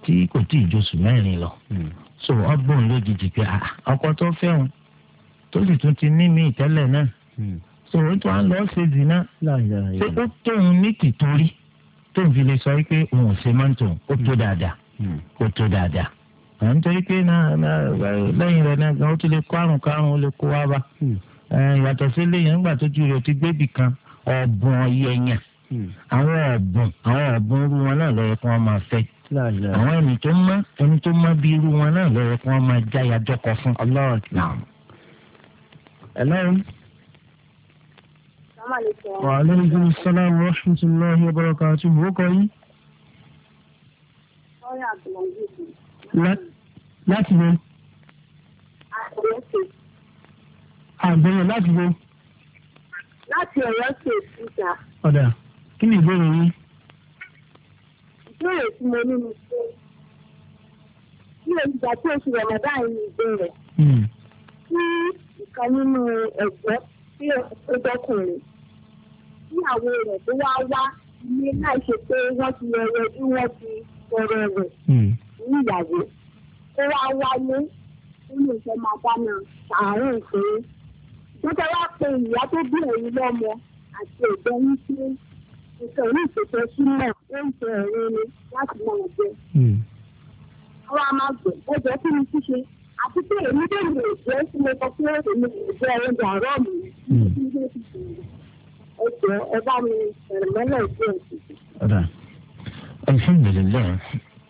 tí kò tí ì lọ hmm. so ọgbọ́n lójijì pé ah, ọkọ tó fẹ́ tó sì tún ti ní mi hmm. so ó tún á lọ ṣe dìná ṣé ó tóun ní tìtorí tóun fi lè sọ pé òun ṣe máa ń tòun ó tó dáadáa ó tó dáadáa à ń torí pé lẹ́yìn rẹ̀ náà ó tún lè kó àrùn kárùn ó lè kó wá bá yàtọ̀ sí kan ọ̀bùn ọ̀yẹ̀yàn hmm. àwọn ọ̀bùn àwọn ọ̀bùn irú wọn náà lọ́yẹ kí wọ́n máa fẹ́ àwọn ẹni tó mọ́ ẹni tó mọ́ bí irú wọn náà lọ́yẹ kí wọ́n máa jáyà jọkọ fún. ọlọ́run náà. ẹlọ́run. wa alaikum salam wa rahmatullahi wa barakatuh wọ́n kọ́ yín. láti wo. àbẹ̀yẹ̀ ah, ah, láti wo láti ọ̀rọ̀ sí èsì ta. ọ̀dà kí ni ìbéèrè yín. ìbéèrè tí mo ní ni pé bí olùgbà tí oṣù rọ̀mọ̀dá yìí ní ìbéèrè tí ìkan nínú ẹ̀gbẹ́ tí ó dọ́kùnrin tí àwọn èèyàn tó wá wá ní láì ṣe pé wọ́n ti rọrọ bí wọ́n ti rọrọ rẹ̀ hmm. ní ìyàwó ó wá wáyé nínú ìfẹ́ máa dáná sàárùn fún un wọ́n tẹ́ wá pe ìyá tó bí òun lọ́mọ àti ẹ̀gbọ́n ní sí nǹkan ní sílẹ̀ oúnjẹ ẹ̀rín ni láti mọ ọ̀jẹ́. àwọn hmm. amagbẹ̀ ẹ̀jẹ̀ kí ni ṣíṣe àti pé èmi tó lè jẹ́ sí mo sọ pé èmi kò jẹ́ oúnjẹ àárọ̀ mi hmm. ẹ̀jẹ̀ ẹ bá mi ẹ̀rọ mẹ́lẹ̀ ìgbẹ́ ẹ̀jẹ̀. alhamdulilayi.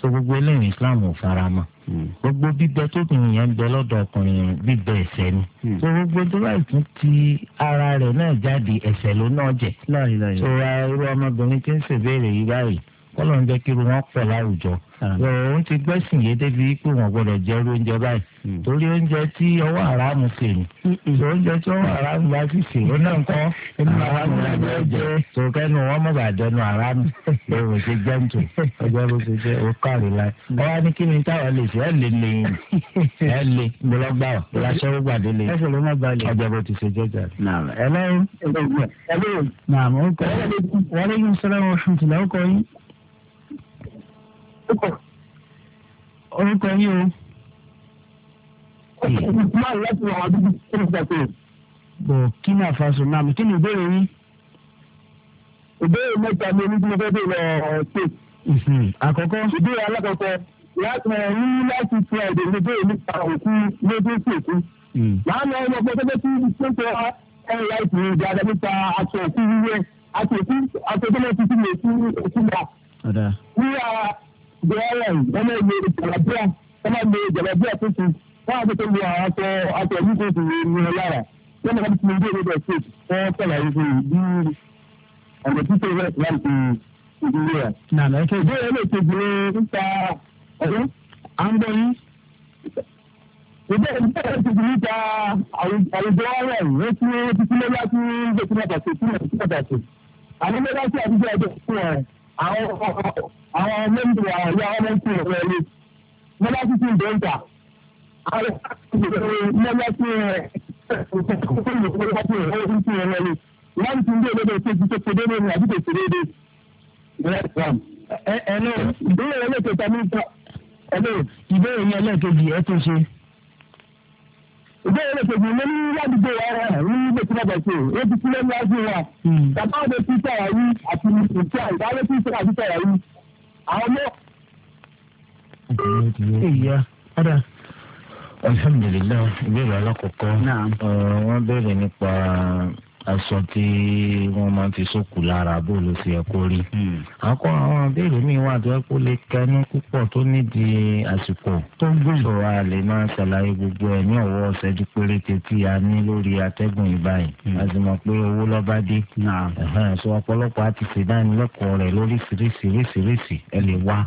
so gbogbo eléyìí islam ò fara mọ́ hmm. gbogbo bíbẹ tóbìnrin yẹn ń bẹ lọ́dọ̀ ọkùnrin yẹn bíbẹ ẹsẹ̀ ni hmm. so gbogbo tó bá tún ti ara rẹ̀ náà jáde ẹsẹ̀ ló náà jẹ so irú ọmọbìnrin tí ń ṣèbéèrè yìí báyìí kọ́lọ̀ ń jẹ́ kí irú wọn pọ̀ láwùjọ. òun ti gbẹ́sìn yé débi pé wọ́n gbọ́dọ̀ jẹ́ irú oúnjẹ báyìí hmm. torí oúnjẹ tí ọwọ́ àràmù sè ní. oúnjẹ tí ọwọ́ àràmù bá sì sè ó náà kọ́ inú àràmù rẹ̀ ló jẹ́ tòkẹ́nu wọn mọ̀ bá dẹnu àràmù lóòrò ṣe jẹ́ǹtù ọjọ́ ló ṣe ṣe ó kàrí láì. Hmm. ọwọ́ á ní kí ni táwọn lè ṣe ẹ̀ lè lè yìn ẹ̀ lè gbọlọ́gbà ọ̀ ìlàṣẹ́ ó gbàdé lè orúkọ yín o. máa ń láti àwọn àdúgbò tó ń gbàgbé. bọ̀ kí ni àfàṣọ náà mi kí ni ìbéèrè yín. ìbéèrè mẹ́ta ni onídìí mo fẹ́ bèèrè ọ̀ọ́tẹ̀. àkọ́kọ́. ìbéèrè alákọ̀ọ́kọ́ láti ẹ̀ ní láti fi ẹ̀dẹ̀ mi bẹ́ẹ̀ nípa òkú lójókè òkú. màá hmm. lọ ọmọ ọgbọ́n tẹ́lẹ̀ tí ó ń sọ ẹ̀rọ ìpè ìdájọ́ nípa aṣọ òkú wíwẹ́ aṣọ òkú aṣọ tó lọ́ gbé ọ̀rọ̀ yìí wọ́n máa ń lo jàlábíà wọ́n máa ń lo jàlábíà tuntun wọ́n á ti tó lu àwọn aṣọ aṣọ yìí tó ti ní ọ lára wọ́n máa ti tún ilé ìwé state wọ́n tẹ̀lé yìí fún bí ọ̀nà títí rẹ̀ láti ìdílé rẹ̀. nàlẹ́ kí ìbéèrè lè ṣe gbé nípa ọ̀rọ̀ à ń bọ̀ yìí. ìbéèrè ìbéèrè ti gbé nípa àwùjọ ọ̀rọ̀ rẹ̀ tí ó ti tí ń gbé àwọn àwọn mẹ́mbì àwọn ìyá ọmọ ń tún ọ̀rọ̀ ẹni mọ́lá sí ti ń bẹ̀ ń tà àwọn mọ́lá sí ẹ̀ kókó ìlú mọ́lá sí ẹ̀ ń tún ọ̀rọ̀ ẹni wọ́n ti ń dé olóde kejì tó kéde lónìí àbí tó kéde dé. ẹ̀ẹ́dẹ́gbẹ̀rún ìbéèrè ẹlẹ́kẹ̀ẹ́ta ní ìbéèrè yẹn ẹlẹ́kẹ̀ẹ́jì ẹ̀ tó ṣe ìbéèrè kejì ló ní ládùúgbò wa rẹ ní ilé tí wọn bẹ tó o ti sílẹ̀ ní ọdún wa bàbá òde tí sọ̀rọ̀ yìí àti ìtì àgbáyé tí sọ̀rọ̀ àti sọ̀rọ̀ yìí àwọn mọ. ìyá ọ̀dà alhamdulilayi ìbéèrè alákọ̀ọ́kọ́ wọ́n béèrè nípa aṣọ tí wọ́n máa ti sókù lára bó ló ṣe yẹ kó rí. àkọ́ hmm. àwọn abéèrè mi wà tó yẹ kó lè kẹnu púpọ̀ tó nídìí àsìkò tó ń gbèrò a lè máa ṣàlàyé gbogbo ẹ̀ ní ọ̀wọ́ ọ̀sẹ̀jú péréte tí a ní lórí atẹ́gùn ìbáyìí. Hmm. a sì mọ̀ pé owó lọ́ba dé. sọ ọ̀pọ̀lọpọ̀ a ti ṣèdánilẹ́kọ̀ọ́ rẹ̀ lórí ṣìríṣìíríṣìí ẹ lè wá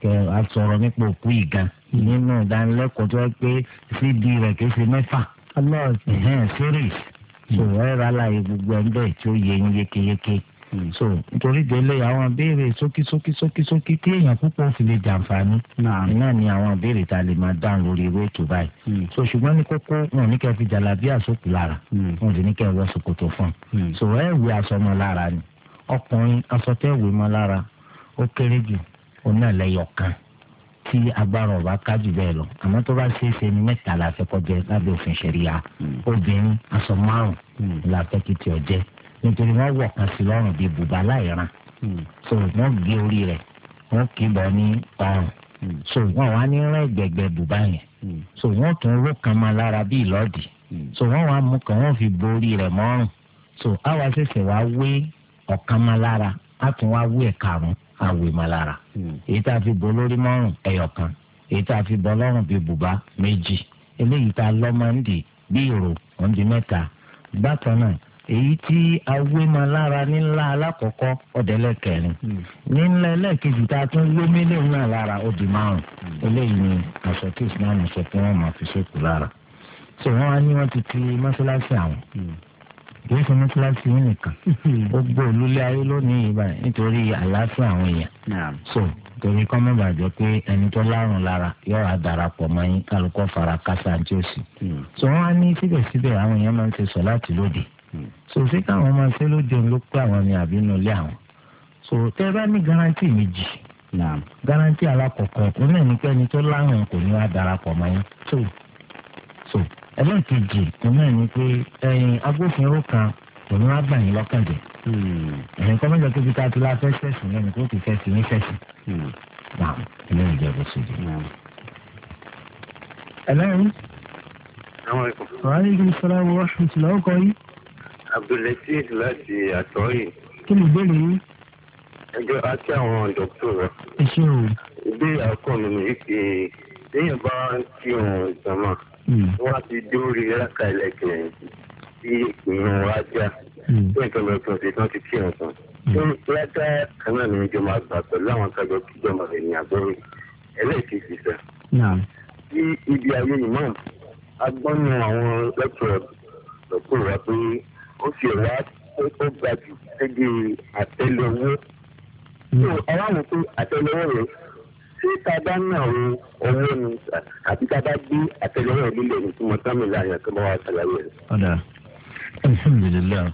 kẹ asọ̀rọ̀ nípa òkú ìgan hmm. nínú ìdánilẹ́kọ̀ọ́ tó yẹ pé cd rẹ̀ kéṣe mẹ́fà. series so hmm. ẹ rà láàyè gbogbo ẹ ń bẹ tí ó yẹ yín yékéyéké hmm. so nítorí délé àwọn béèrè ṣókí ṣókí ṣókí ṣókí tí èèyàn púpọ̀ fi lè jàǹfààní náà ni àwọn béèrè ta lè máa dáhùn lórí ewé ètò báyìí hmm. so ṣùgbọ́n ní kókó wọn ní kẹ́ fi jàlábí àsopù lára wọn sì ní kẹ́ wọ ṣòkòtò fún un so ẹ wé aṣọmọ lára ni ọkùnrin aṣọ tẹ́ lára ó kéré jù ó náà lẹ́yọ̀ kan tí agbára ọba kájú bẹ́ẹ̀ lọ àmọ́ tó bá ṣe é ṣe ni mẹ́ta la fẹ́ kó jẹ́ lábẹ́ òfin ṣẹ̀ríya hmm. obìnrin aṣọ márùn-ún hmm. la fẹ́ kí tiọ̀ jẹ́ nítorí wọ́n wọ̀ kan sí lọ́rùn bíi bùbá láìran hmm. so wọ́n gé orí rẹ̀ wọ́n kì í ní ọrùn so wọ́n wá ní rán ẹ̀gbẹ̀gbẹ̀ bùbá yẹn so wọ́n tún ró kan máa lára bíi lọ́ọ̀dì so wọ́n wá mú kan wọ́n fi borí rẹ̀ mọ́rùn so àwa ṣẹ̀ṣẹ̀ wá wé ọ̀kan máa lára á tún wá wé ẹ̀karùn-ún àwè máa lára. Hmm. èyí tá a fi bọ́ lórí mọ́rùn ẹyọkan èyí tá a fi bọ́ lọ́rùn bíi bùbá méjì eléyìí tá a lọ́ máa ń dì bí ìrò òun di mẹ́ta bákan náà èyí tí awé máa lára nílá alákọ̀ọ́kọ́ ọ̀dẹ́lẹ̀ kẹrin hmm. nílá ẹlẹ́ẹ̀kejì tá a tún wé mílíọ̀nù náà lára ó di márùn hmm. eléyìí ni aṣọ tí ìsìlámù sọ pé máa fi ṣèkù lára tí wọ́n á ní wọ́n ti ti mọ́ṣáláṣí àwọn kì í ṣe mọ́ṣáláṣí nìkan ó hmm. gbọ́ olúlé ayé lónìí yìí báyìí nítorí àlàáfíà àwọn èèyàn so torí kọ́ mọ́ bàjẹ́ pé ẹni tó lárùn lára yọ̀ọ́ àdàràpọ̀ mọ́ yín kálukọ́ fara kásá àti òsì hmm. so wọ́n á ní síbẹ̀síbẹ̀ àwọn èèyàn máa ń ṣe sọ láti lóde hmm. so ṣé káwọn máa ṣe lóde ló pé àwọn ni àbí inú ilé àwọn so tẹ́ ẹ bá ní garanti méjì garanti alákọ̀ọ́kọ́ ọ̀tún náà ní pé ẹni tó lárùn kò ní wá darapọ̀ mọ́ yín so ẹlẹ́ẹ̀kejì náà ni pé ẹ̀yin agbófinró kan òun á gbà yín lọ́kàn jẹ́ hmm. ẹ̀yin kọ́ mẹ́jọ tóbi ká ti la fẹ́ sẹ̀sìn lẹ́nu tó ti fẹ́sìn ní fẹ́sìn náà ẹlẹ́yìn ìjọba ṣojú. ẹlẹ́yìn. wàhálà ìṣẹ̀lẹ̀ wọ́n ṣùtìlá ọkọ̀ yìí. abdulrasheed láti àtọ́yì. kí ni ìbéèrè yín. ẹjọ́ àti àwọn dókítà rẹ̀. ẹ ṣé o. ìbéèrè àkọ́nù mi kì í lẹ́yìn bá ń kí ọ̀rọ̀ ìjàmà. Hmm. wọ́n hmm. ti dórí rákà ẹlẹ́kẹ̀ẹ́ sí ìrun ajá tí nǹkan lọ tó ṣe tán ti kí ẹ̀ tán. tó ń tíátá kan náà ni ìjọba àgbà pẹ̀lú àwọn kájọ kíjọba ènìyàn gbọ́rọ̀ ẹlẹ́ẹ̀kejì sẹ́. tí ibi ayé imam agbọ́nù àwọn lẹ́kọ̀ọ́ lọ́kùnrin wa pé ó fi ẹ̀wá ó ga jù ségi àtẹ́lẹwọ́. àwọn hmm. àwọn rẹ̀ ṣé tá a bá ná àwọn ọwọ́ ni àti tá a bá gbé àtẹlẹwọ́ lílẹ̀ ní túmọ̀ sámi láàyàn tó bá wà sàlàyé rẹ̀. ọ̀dà alhamdulilayi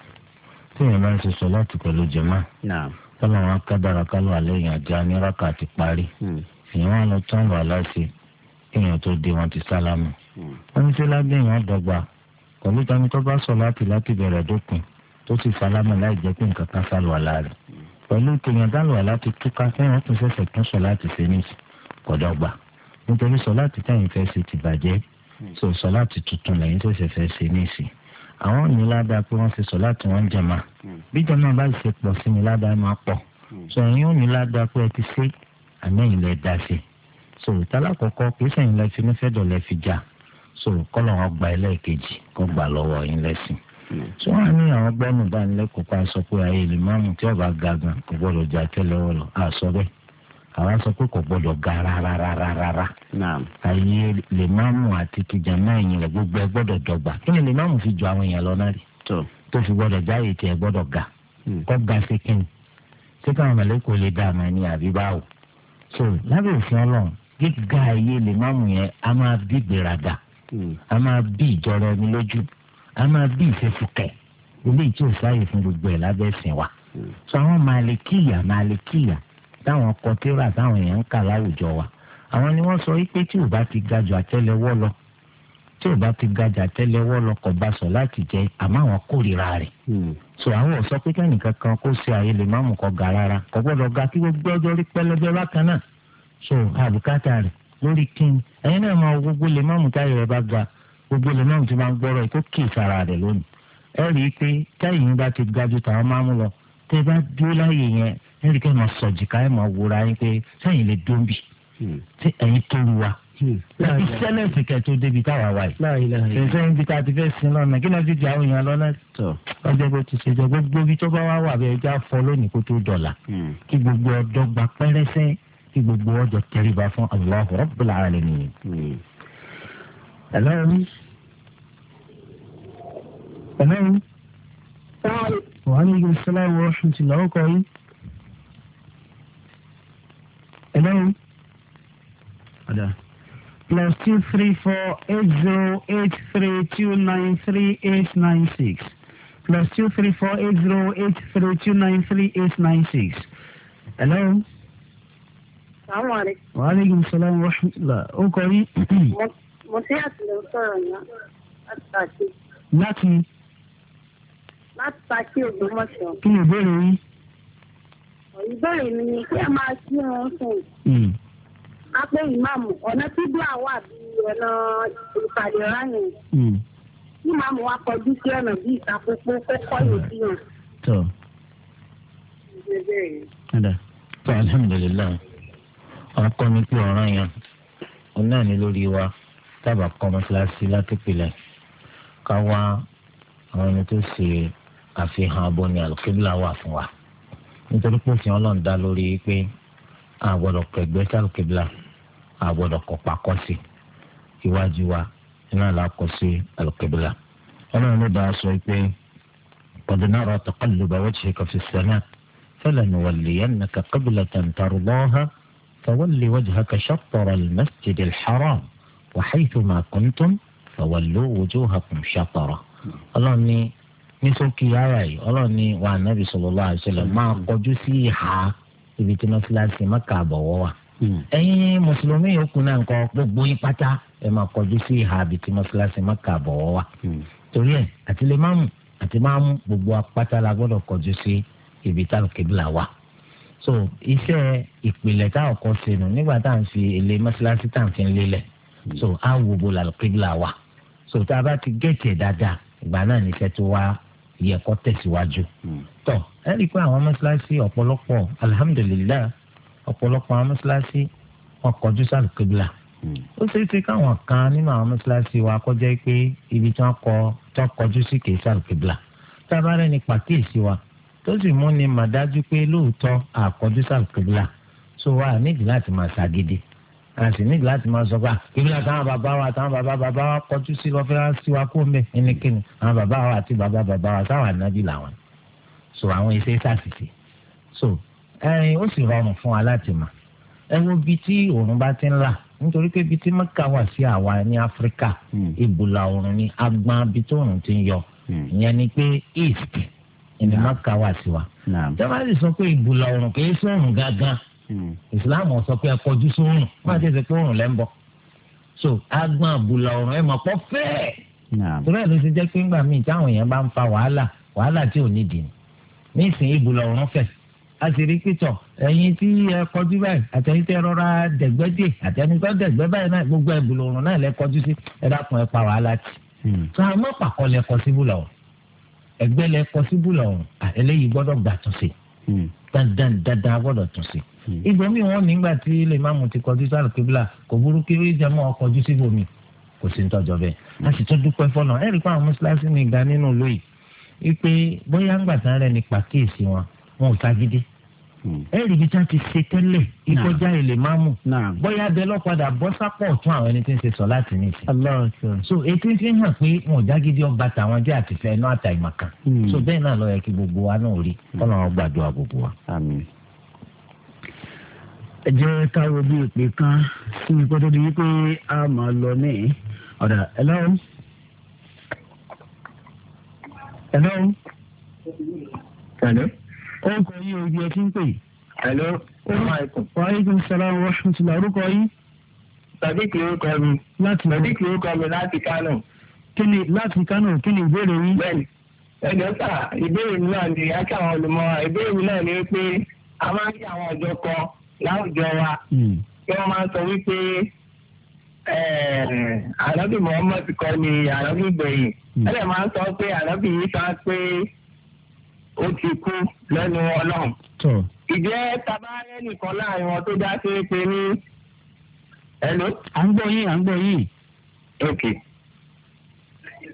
tí èèyàn bá ń ṣe sọ láti pẹ̀lú jẹ̀má tọ́lọ́wọ́n kádàrá kálù alẹ́ èèyàn já ní rákà ti parí hmm. èèyàn wà lọ tán wà láti èèyàn tó dé wọn ti sálámù hmm. wọ́n ní sẹ́lábẹ́ èèyàn dọ́gba pẹ̀lú tani tó bá sọ láti láti bẹ̀rẹ̀ dópin tó sì sálámù láì jẹ́ pé nǹkan kan sálọ àlá rẹ̀ pẹ̀lú tèèyàn dálò àláti túká fẹ́ràn tún ṣẹ̀ṣẹ̀ tún sọ láti ṣe ní kọ̀dọ̀gba nítorí sọ láti tẹ̀yìn fẹ́ ṣe ti bàjẹ́ so sọ láti tuntun lẹ́yìn ṣẹ̀ṣẹ̀ fẹ́ ṣe ní ìsìn àwọn ní ládàá pé wọ́n ṣe sọ láti wọ́n jàmá bí jàmá bá ṣe pọ̀ sí ni ládàá máa pọ̀ so ẹ̀yin ò ní ládàá pé ẹ ti ṣe àmẹ́yìn lẹ dá ṣe so ìtàlá kọ̀ọ̀kọ́ kì í sẹ́yìn lẹ fi nífẹ̀ẹ́ dọ̀ lẹ fi jà so kọ́lọ̀ wọn gba ẹlẹ́ẹ̀kejì kó gbà lọ́wọ́ yín lẹ́sìn tí wọ́n ní àwọn gbọ́nù dánilẹ́kọ̀ọ́ pa sọ pé ayé lè máàmù tí ọba ga gan kò gbọ́dọ̀ jà tẹ́lẹ̀wọ́ lọ àṣọ bẹ́ẹ̀ àwọn sọ pé kò gbọ́dọ̀ ga rárárárárá ayé lè máàmù àti kìjà náà yẹn lọ gbogbo ẹ gbọ́dọ̀ dọ́gba kí ni lè máàmù fi ju àwọn èèyàn lọ náà rí tó fi gbọ́dọ̀ jáde tiẹ̀ gbọ́dọ̀ ga hmm. kọ́ ga sí kíni ṣé káwọn mọ̀lẹ́kọ̀ọ́ lè dá àmọ́ ní àbí báwo so lábẹ́ òfin ọlọ́run gíga ayé lè máàmù yẹn a máa bí gbéraga hmm. a máa bí ìjọra ẹni lójú ká máa bí ìfẹsùkẹ eléyìí tí ò sáyè fún gbogbo ẹ lábẹ́ ẹ̀sìn wa sọ àwọn màlìkìyà màlìkìyà táwọn kọtẹ́rà táwọn èèyàn ń kà láwùjọ wa àwọn ni wọ́n sọ wípé tí ò bá ti ga jù àtẹ́lẹwọ́ lọ tí ò bá ti ga jù àtẹ́lẹwọ́ lọ kò bá sọ láti jẹ àmọ́ àwọn kórìíra rẹ̀ hmm. sọ àwọn ò sọ pé kẹ́nìkan kan kó ṣe àyè lè má mú kọ gà rárá kò gbọ́dọ̀ ga kí gbogbo ọjọ́ rí pẹlẹbẹ bákan náà so àbùkátà rẹ̀ lórí kíni ẹ̀yin náà máa gbogbo lè má mú táyà rẹ̀ bá ga gbogbo ẹlòmíràn ti máa ń gbọ́rọ̀ tó kì í fara rẹ̀ lónìí ẹ rí i pé táyìn bá ti ga ju tàwọn máa ń lọ tẹ bá dúró láàyè yẹn ẹ rí i pé ẹ máa sọ jìkà ẹ máa wúra yín pé sẹ́yìn lè dó bì tí ẹ̀yin tó wá láti hmm. sẹ́lẹ̀sì kẹ́tọ́ débi táwa wà yìí ṣèṣẹ́ ibi tá a ti fẹ́ sin lọ́nà kí náà ti di àwọn èèyàn lọ́nà ọjọ́ bó ti ṣe gbogbo ibi tó bá wà wà bẹ́ẹ̀ já fọ lónìí kó tó dọ̀là hmm. kí gbogbo ọdọ́ gba pẹ́rẹ́sẹ́ kí gbogbo ọjọ́ tẹríba fún Allahu Rabbul Alamin. Hmm. ẹ lọ́rọ̀ mi. Hello. Hi. Wa alaikum wa rahmatullahi wa barakatuh. Hello. Ada. Plus two three four eight zero eight three two nine three eight nine six. Plus two three four eight zero eight three two nine three eight nine six. Hello. Salaamaleykum. Wa aleykum salaam wa rahmatulah. O kọ yín. Mo ti àtìlẹ́ sọ̀rọ̀ láti pàṣẹ Ògbómọ̀ṣọ́. kí ni ìbéèrè yín. ìbéèrè mi ni kí ẹ máa ṣí wọn sùn. Hmm. a pé ìmáàmù ọ̀nà tí dúà wà bí ọ̀nà ìpàdé ráyìn. Hmm. kí ìmáàmù wa kọjú sí ọ̀nà bí ìtàkùnkù kọ́kọ́ yóò fi hàn. tó tó alhamdulilayi ọkọ mi pé ọ̀ràn yẹn òun náà ní lórí wa tábà kọ́ mọ́ṣáláṣí látìpìlẹ̀ ká wá àwọn ẹni tó ṣe àfihàn abo ni alùkébìlà wà fún wa nítorí pé òfin ọlọ́run dá lórí pé a gbọ́dọ̀ kẹgbẹ́ sí alùkébìlà a gbọ́dọ̀ kọ̀pá kọ́ sí iwájú wa iná là kọ́ sí alùkébìlà ọlọ́run ló dáa sọ pé qad nara taqalluba wajhika fi as-sama' falanuwalliyannaka qiblatan tardaha فول وجهك شطر المسجد الحرام وحيث ما كنتم فولوا وجوهكم شطره الله ní sókè ara yìí ọlọ́run ní wa ànábì sallallahu alaihi wasallam máa mm. kọjú sí ìhà ibi tí mọ́sálásí mọ́kà àbọ̀wọ́ wà. Mm. ẹ̀yin mùsùlùmí yòókù náà nǹkan gbogbo yín pátá ẹ máa kọjú sí ìhà ibi tí mọ́sálásí mọ́kà àbọ̀wọ́ wà. Mm. torí ẹ̀ àti lè máàmù àti máàmù gbogbo apáta la gbọ́dọ̀ kọjú sí ibi tá kébìlà wà. so iṣẹ́ ìpìlẹ̀ tá ọkọ̀ sínú nígbà tá à ń fi ilé mọ́sálásí so á wo bo làlùkébìlà so tá a bá ti gẹ̀ẹ́tì yẹ kó tẹ̀síwájú. tọ́ ẹ rí i pé àwọn mọ́ṣáláṣí ọ̀pọ̀lọpọ̀ alihamudulilayi ọ̀pọ̀lọpọ̀ àwọn mọ́ṣáláṣí wọn kọjú sáà kébìlà. ó ṣeé ṣe káwọn kan nínú àwọn mọ́ṣáláṣí wa kọjá pé ibi tí wọ́n kọ tí wọ́n kọjú sí kèé sáà kébìlà. tábàárẹ̀ ni pàkíyèsí wa tó sì mú ni màdájú pé lóòótọ́ àkọjú sáà kébìlà so wa nídìí láti máa ṣàgídí àti níbi láti máa sọ pé ah, ibi láti àwọn bàbá wa àtàwọn bàbá bàbá wa kọjú sí lọ́fẹ́ wá sí wa kó mẹ́ ẹnikẹ́ni àwọn bàbá wa àti bàbá bàbá wa sáwọn ànábì làwọn so àwọn iṣẹ́ sàṣìṣe so ẹyin ó sì rọrùn fún wa láti mà ẹnu bíi tí òòrùn bá ti ń là nítorí pé bíi tí mẹ́kà wà sí àwa ní áfíríkà hmm. ìbùlà òòrùn ni agbọn bíi òòrùn ti ń yọ hmm. ìyẹn ni pé east ni mẹ́kà wà sí wa jọba ti sọ pé ìbùlà òòrùn kì í sí òòrùn gangan islam sọ pé akọjú sórùn hmm. má ti ṣe pé òrùn lẹ́ ń bọ̀ so agbọn àbùlà ọ̀rùn ẹ̀ mọ̀ pọ̀ fẹ́ẹ̀ torí ẹ̀ ló ti jẹ́ pé ńgbà míì táwọn èèyàn bá ń fa wàhálà wàhálà tí ò nídìí ní ìsìn ìbùlà ọ̀rùn fẹ̀ a sì rí pítọ̀ ẹ̀yin tí ẹ kọjú báyìí àtẹ̀yìn tẹ́ rọra dẹ̀gbẹ́ dè àtẹ̀yìn tó dẹ̀gbẹ́ báyìí náà gbogbo ìbùlà ọ̀rùn náà lẹ kọjú sí ẹ dákun ẹ pa wàhálà tì tó hmm. àwọn mọ̀pàkọ́ lẹ kọ síbùlà ọ̀rùn ẹgbẹ́ lẹ kọ síbùlà Hmm. dandan dandan agbọ́dọ̀ tún sí. Hmm. ìgbẹ́mí wọn nígbà tí ilé máàmù ti kọjú sáà kíbla kò burú kí ìjàmọ́ ọkọjú síbòmí kò sí nítọ́jọ́ bẹ́ẹ̀. a sì tún dúpẹ́ fọ́nà ẹ̀rí pa àwọn mọ́ṣáláṣí mi ga nínú ìlú yìí wípé bóyá ń gbàtà rẹ̀ ní pàkíyèsí wọn wọn ò ságídé ẹ̀rì bíi tí wọ́n ti ṣe tẹ́lẹ̀ ìkọjá ilé máa mú bóyá abẹ lọ́padà bọ́ sápọ̀ tún àwọn ẹni tí ń ṣe sọ láti ní ìsìn. so etí fi hàn pé wọn ò jágídí ọba tàwọn jẹ́ àtìfẹ́ inú àtà ìmọ̀kan hmm. so bẹ́ẹ̀ náà ló yẹ kí gbogbo wa náà rí hmm. kọ́nà wọn gbàdúrà gbogbo wa. ẹ jẹ́ ká wo bí ìpè kan sí ipò tó di wípé a máa lọ ní ọ̀dà hello hello hello orúkọ yìí ojú ẹ ti ń pè. hello salaamaleykum. wa aleykum salaam wa rahmatulah orúkọ yìí. sadiq orúkọ mi. láti sadiq orúkọ mi láti kánò. kí ni láti kánò kí ni ìbéèrè yín. bẹ́ẹ̀ni ẹjọ sà ìbéèrè mi náà ni àti àwọn olùmọ̀ ìbéèrè mi náà ni pé a máa ń ṣe àwọn ọjọ kan láwùjọ wa kí hmm. wọn máa sọ wípé eh, ànábì muhammed kọ́ ni ànábì gbẹ̀yìn hmm. ẹ lè máa sọ pé ànábì yìí sá pé ó ti kú lẹ́nu ọlọ́run. ìjẹ́ tabarẹ́ nìkan láàrin wọn tó dá sí pé ní. ẹ̀ló. à ń gbọ́ yín à ń gbọ́ yín. ok.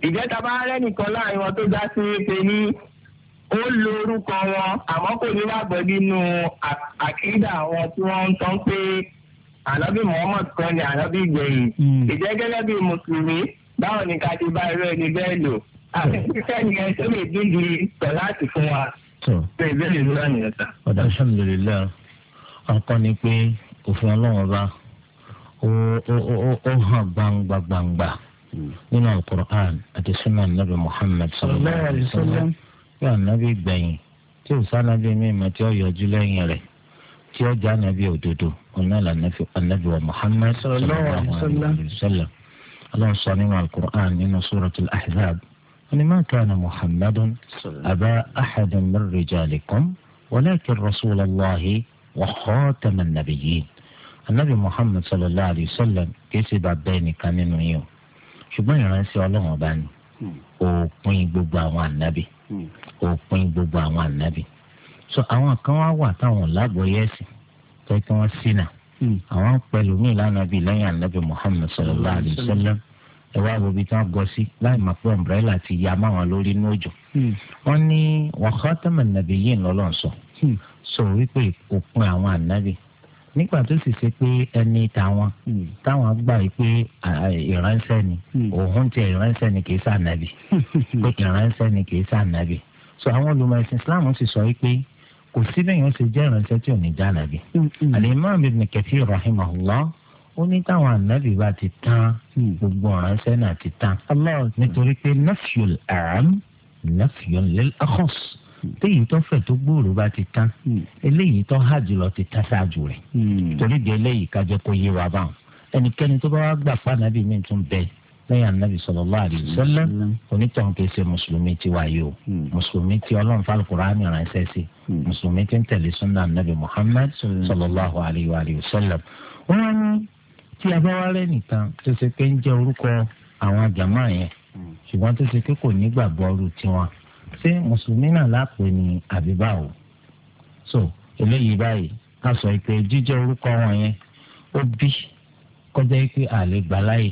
ìjẹ́ tabarẹ́ nìkan láàrin wọn tó dá sí pé ní ó lo orúkọ wọn àmọ́ kò ní wàá gbọ́ nínú àkídà wọn tí wọ́n ń tán pé ànábì muhammad kan ni ànábì gbẹ̀yìn. Hmm. ìjẹ́ gẹ́gẹ́ bí mùsùlùmí báwo ni ká ti bá irú ẹni bẹ́ẹ̀ lò àfẹ́kíṣẹ́ yẹn tó lè dídì sọ̀láàtì fún wa bẹ́ẹ̀ bẹ́ẹ̀ ló lánàá yẹn ta. ọ̀dà alhamdulilayi ọkọ ni pé òfin ọlọ́run ọba ó hàn gbangba gbangba nínú alukur'an àti sunan nabi muhammad sallallahu alayhi wa sallam yóò nabi gbẹ̀yìn tí o sá nabi mímọ́ tí ó yọjú lẹ́yìn rẹ̀ tí ó já nabi òdodo ọ̀nà lànàbi wa muhammad sallallahu alayhi wa sallam. ọlọ́run nínú alukur'an nínú suratul ahzab ni ma kana muhammadun aba ahadan min rijalikum walakin rasulallahi wa khataman nabiyyin anabi muhammad sallallahu alayhi wa sallam kì í ṣe bàbá ẹnìkan nínú yìí o ṣùgbọ́n ìránṣẹ́ ọlọ́run ọba ni òpin gbogbo àwọn ànábì òpin gbogbo àwọn ànábì so àwọn kan wá wà táwọn lágbóyè ẹ̀sìn tó kí wọ́n ṣìnà àwọn pẹ̀lú mi lánàbì lẹ́yìn ànábì muhammad sallallahu alayhi wa sallam ẹ wá wo ibi tí wọ́n gọ sí láì máa pé ọmbrẹ́là ti ya máwọn lórí inú òjò. Hmm. wọ́n ní wa khataman nabiyyin lọ́lọ́run sọ hmm. sọ wípé òpin àwọn ànábì nígbà tó sì ṣe pé ẹni tàwọn hmm. táwọn gbà pé ìránṣẹ́ ni òun ti ìránṣẹ́ ni kì í sànàbì pé ìránṣẹ́ ni kì í sànàbì so àwọn olùmọ̀ẹ̀sìn Islam sì sọ pé kò sí bẹ́ẹ̀ yẹn ṣe jẹ́ ìránṣẹ́ tí ò ní jànàbì. Al-Imam Ibn Kathir rahimahullah ó ní táwọn ànábì bá ti tán hmm. gbogbo ọ̀ránṣẹ́ náà ti tán. nítorí pé nafiyul aam nafiyul lil akhas hmm. téyìí tó fẹ̀ tó gbòòrò bá ti tán hmm. eléyìí tó hà jùlọ ti tán ṣáájú rẹ̀ torí de eléyìí kájọ kó yé wa báwọn ẹnikẹ́ni tó bá wá gbà fún ànábì mi tún bẹ́ẹ̀ lẹ́yìn anabi sallallahu alaihi wasallam onítọ̀hún kìí ṣe mùsùlùmí ti wáyé o mùsùlùmí ti ọlọ́run fàlùkùránì ránṣẹ́ sí mùsùlùmí ti ń tẹ̀lé sunna anabi muhammad sallallahu alaihi wasallam wọn ní tí a bá wá rẹ nìkan tó ṣe pé ń jẹ orúkọ àwọn jàmá yẹn hmm. ṣùgbọ́n tó ṣe pé kò nígbàgbọ́ ọrù tiwọn ṣé mùsùlùmí náà lápè ní àbíbáwò so eléyìí báyìí ká sọ pé jíjẹ orúkọ wọn yẹn ó bí kọjá pé àlè gbàláyè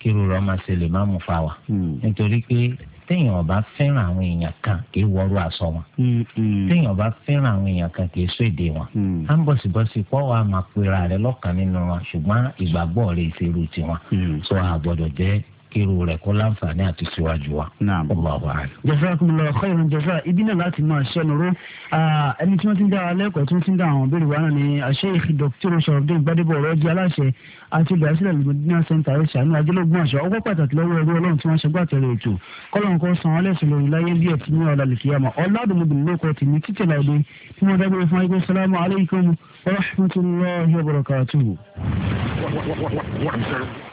kí irú máa ṣe lè má mú fa wa hmm. nítorí pé téèyàn ọba fẹ́ràn àwọn èèyàn kan kì í wọrú aṣọ wọn mm, mm. téèyàn ọba fẹ́ràn àwọn èèyàn kan kì í sọ èdè wọn mm. à ń bọ̀sibọ̀si pọ̀ wá máa pera rẹ lọ́kàn nínú wọn ṣùgbọ́n ìgbàgbọ́ rẹ̀ ìṣerú tiwọn sọ àgbọ̀dọ̀ jẹ́ kíru rẹ̀ kó láǹfààní àti síwájú wa. Allahu a'lam. jazakumullahu khairan jaza ibi náà láti máa ṣẹ́nu ró ẹni tí wọ́n ti ń dá alẹ́kọ̀ọ́ tí wọ́n ti ń dá àwọn béèrè wa náà ni Sheikh Dr. Sharafdeen Gbadebo Ọ̀rọ̀jì aláṣẹ àti olùdásílẹ̀ lùmọ̀dínà center ẹ̀ ṣàánú ajẹ́lógún àṣọ ọgbọ́ pàtàkì lọ́wọ́ ẹrú ọlọ́run tí wọ́n ṣe gbàtẹ̀rẹ̀ ètò kọ́lọ́n kọ́ san ọlẹ́sìn lórí láyé bí ẹ̀tì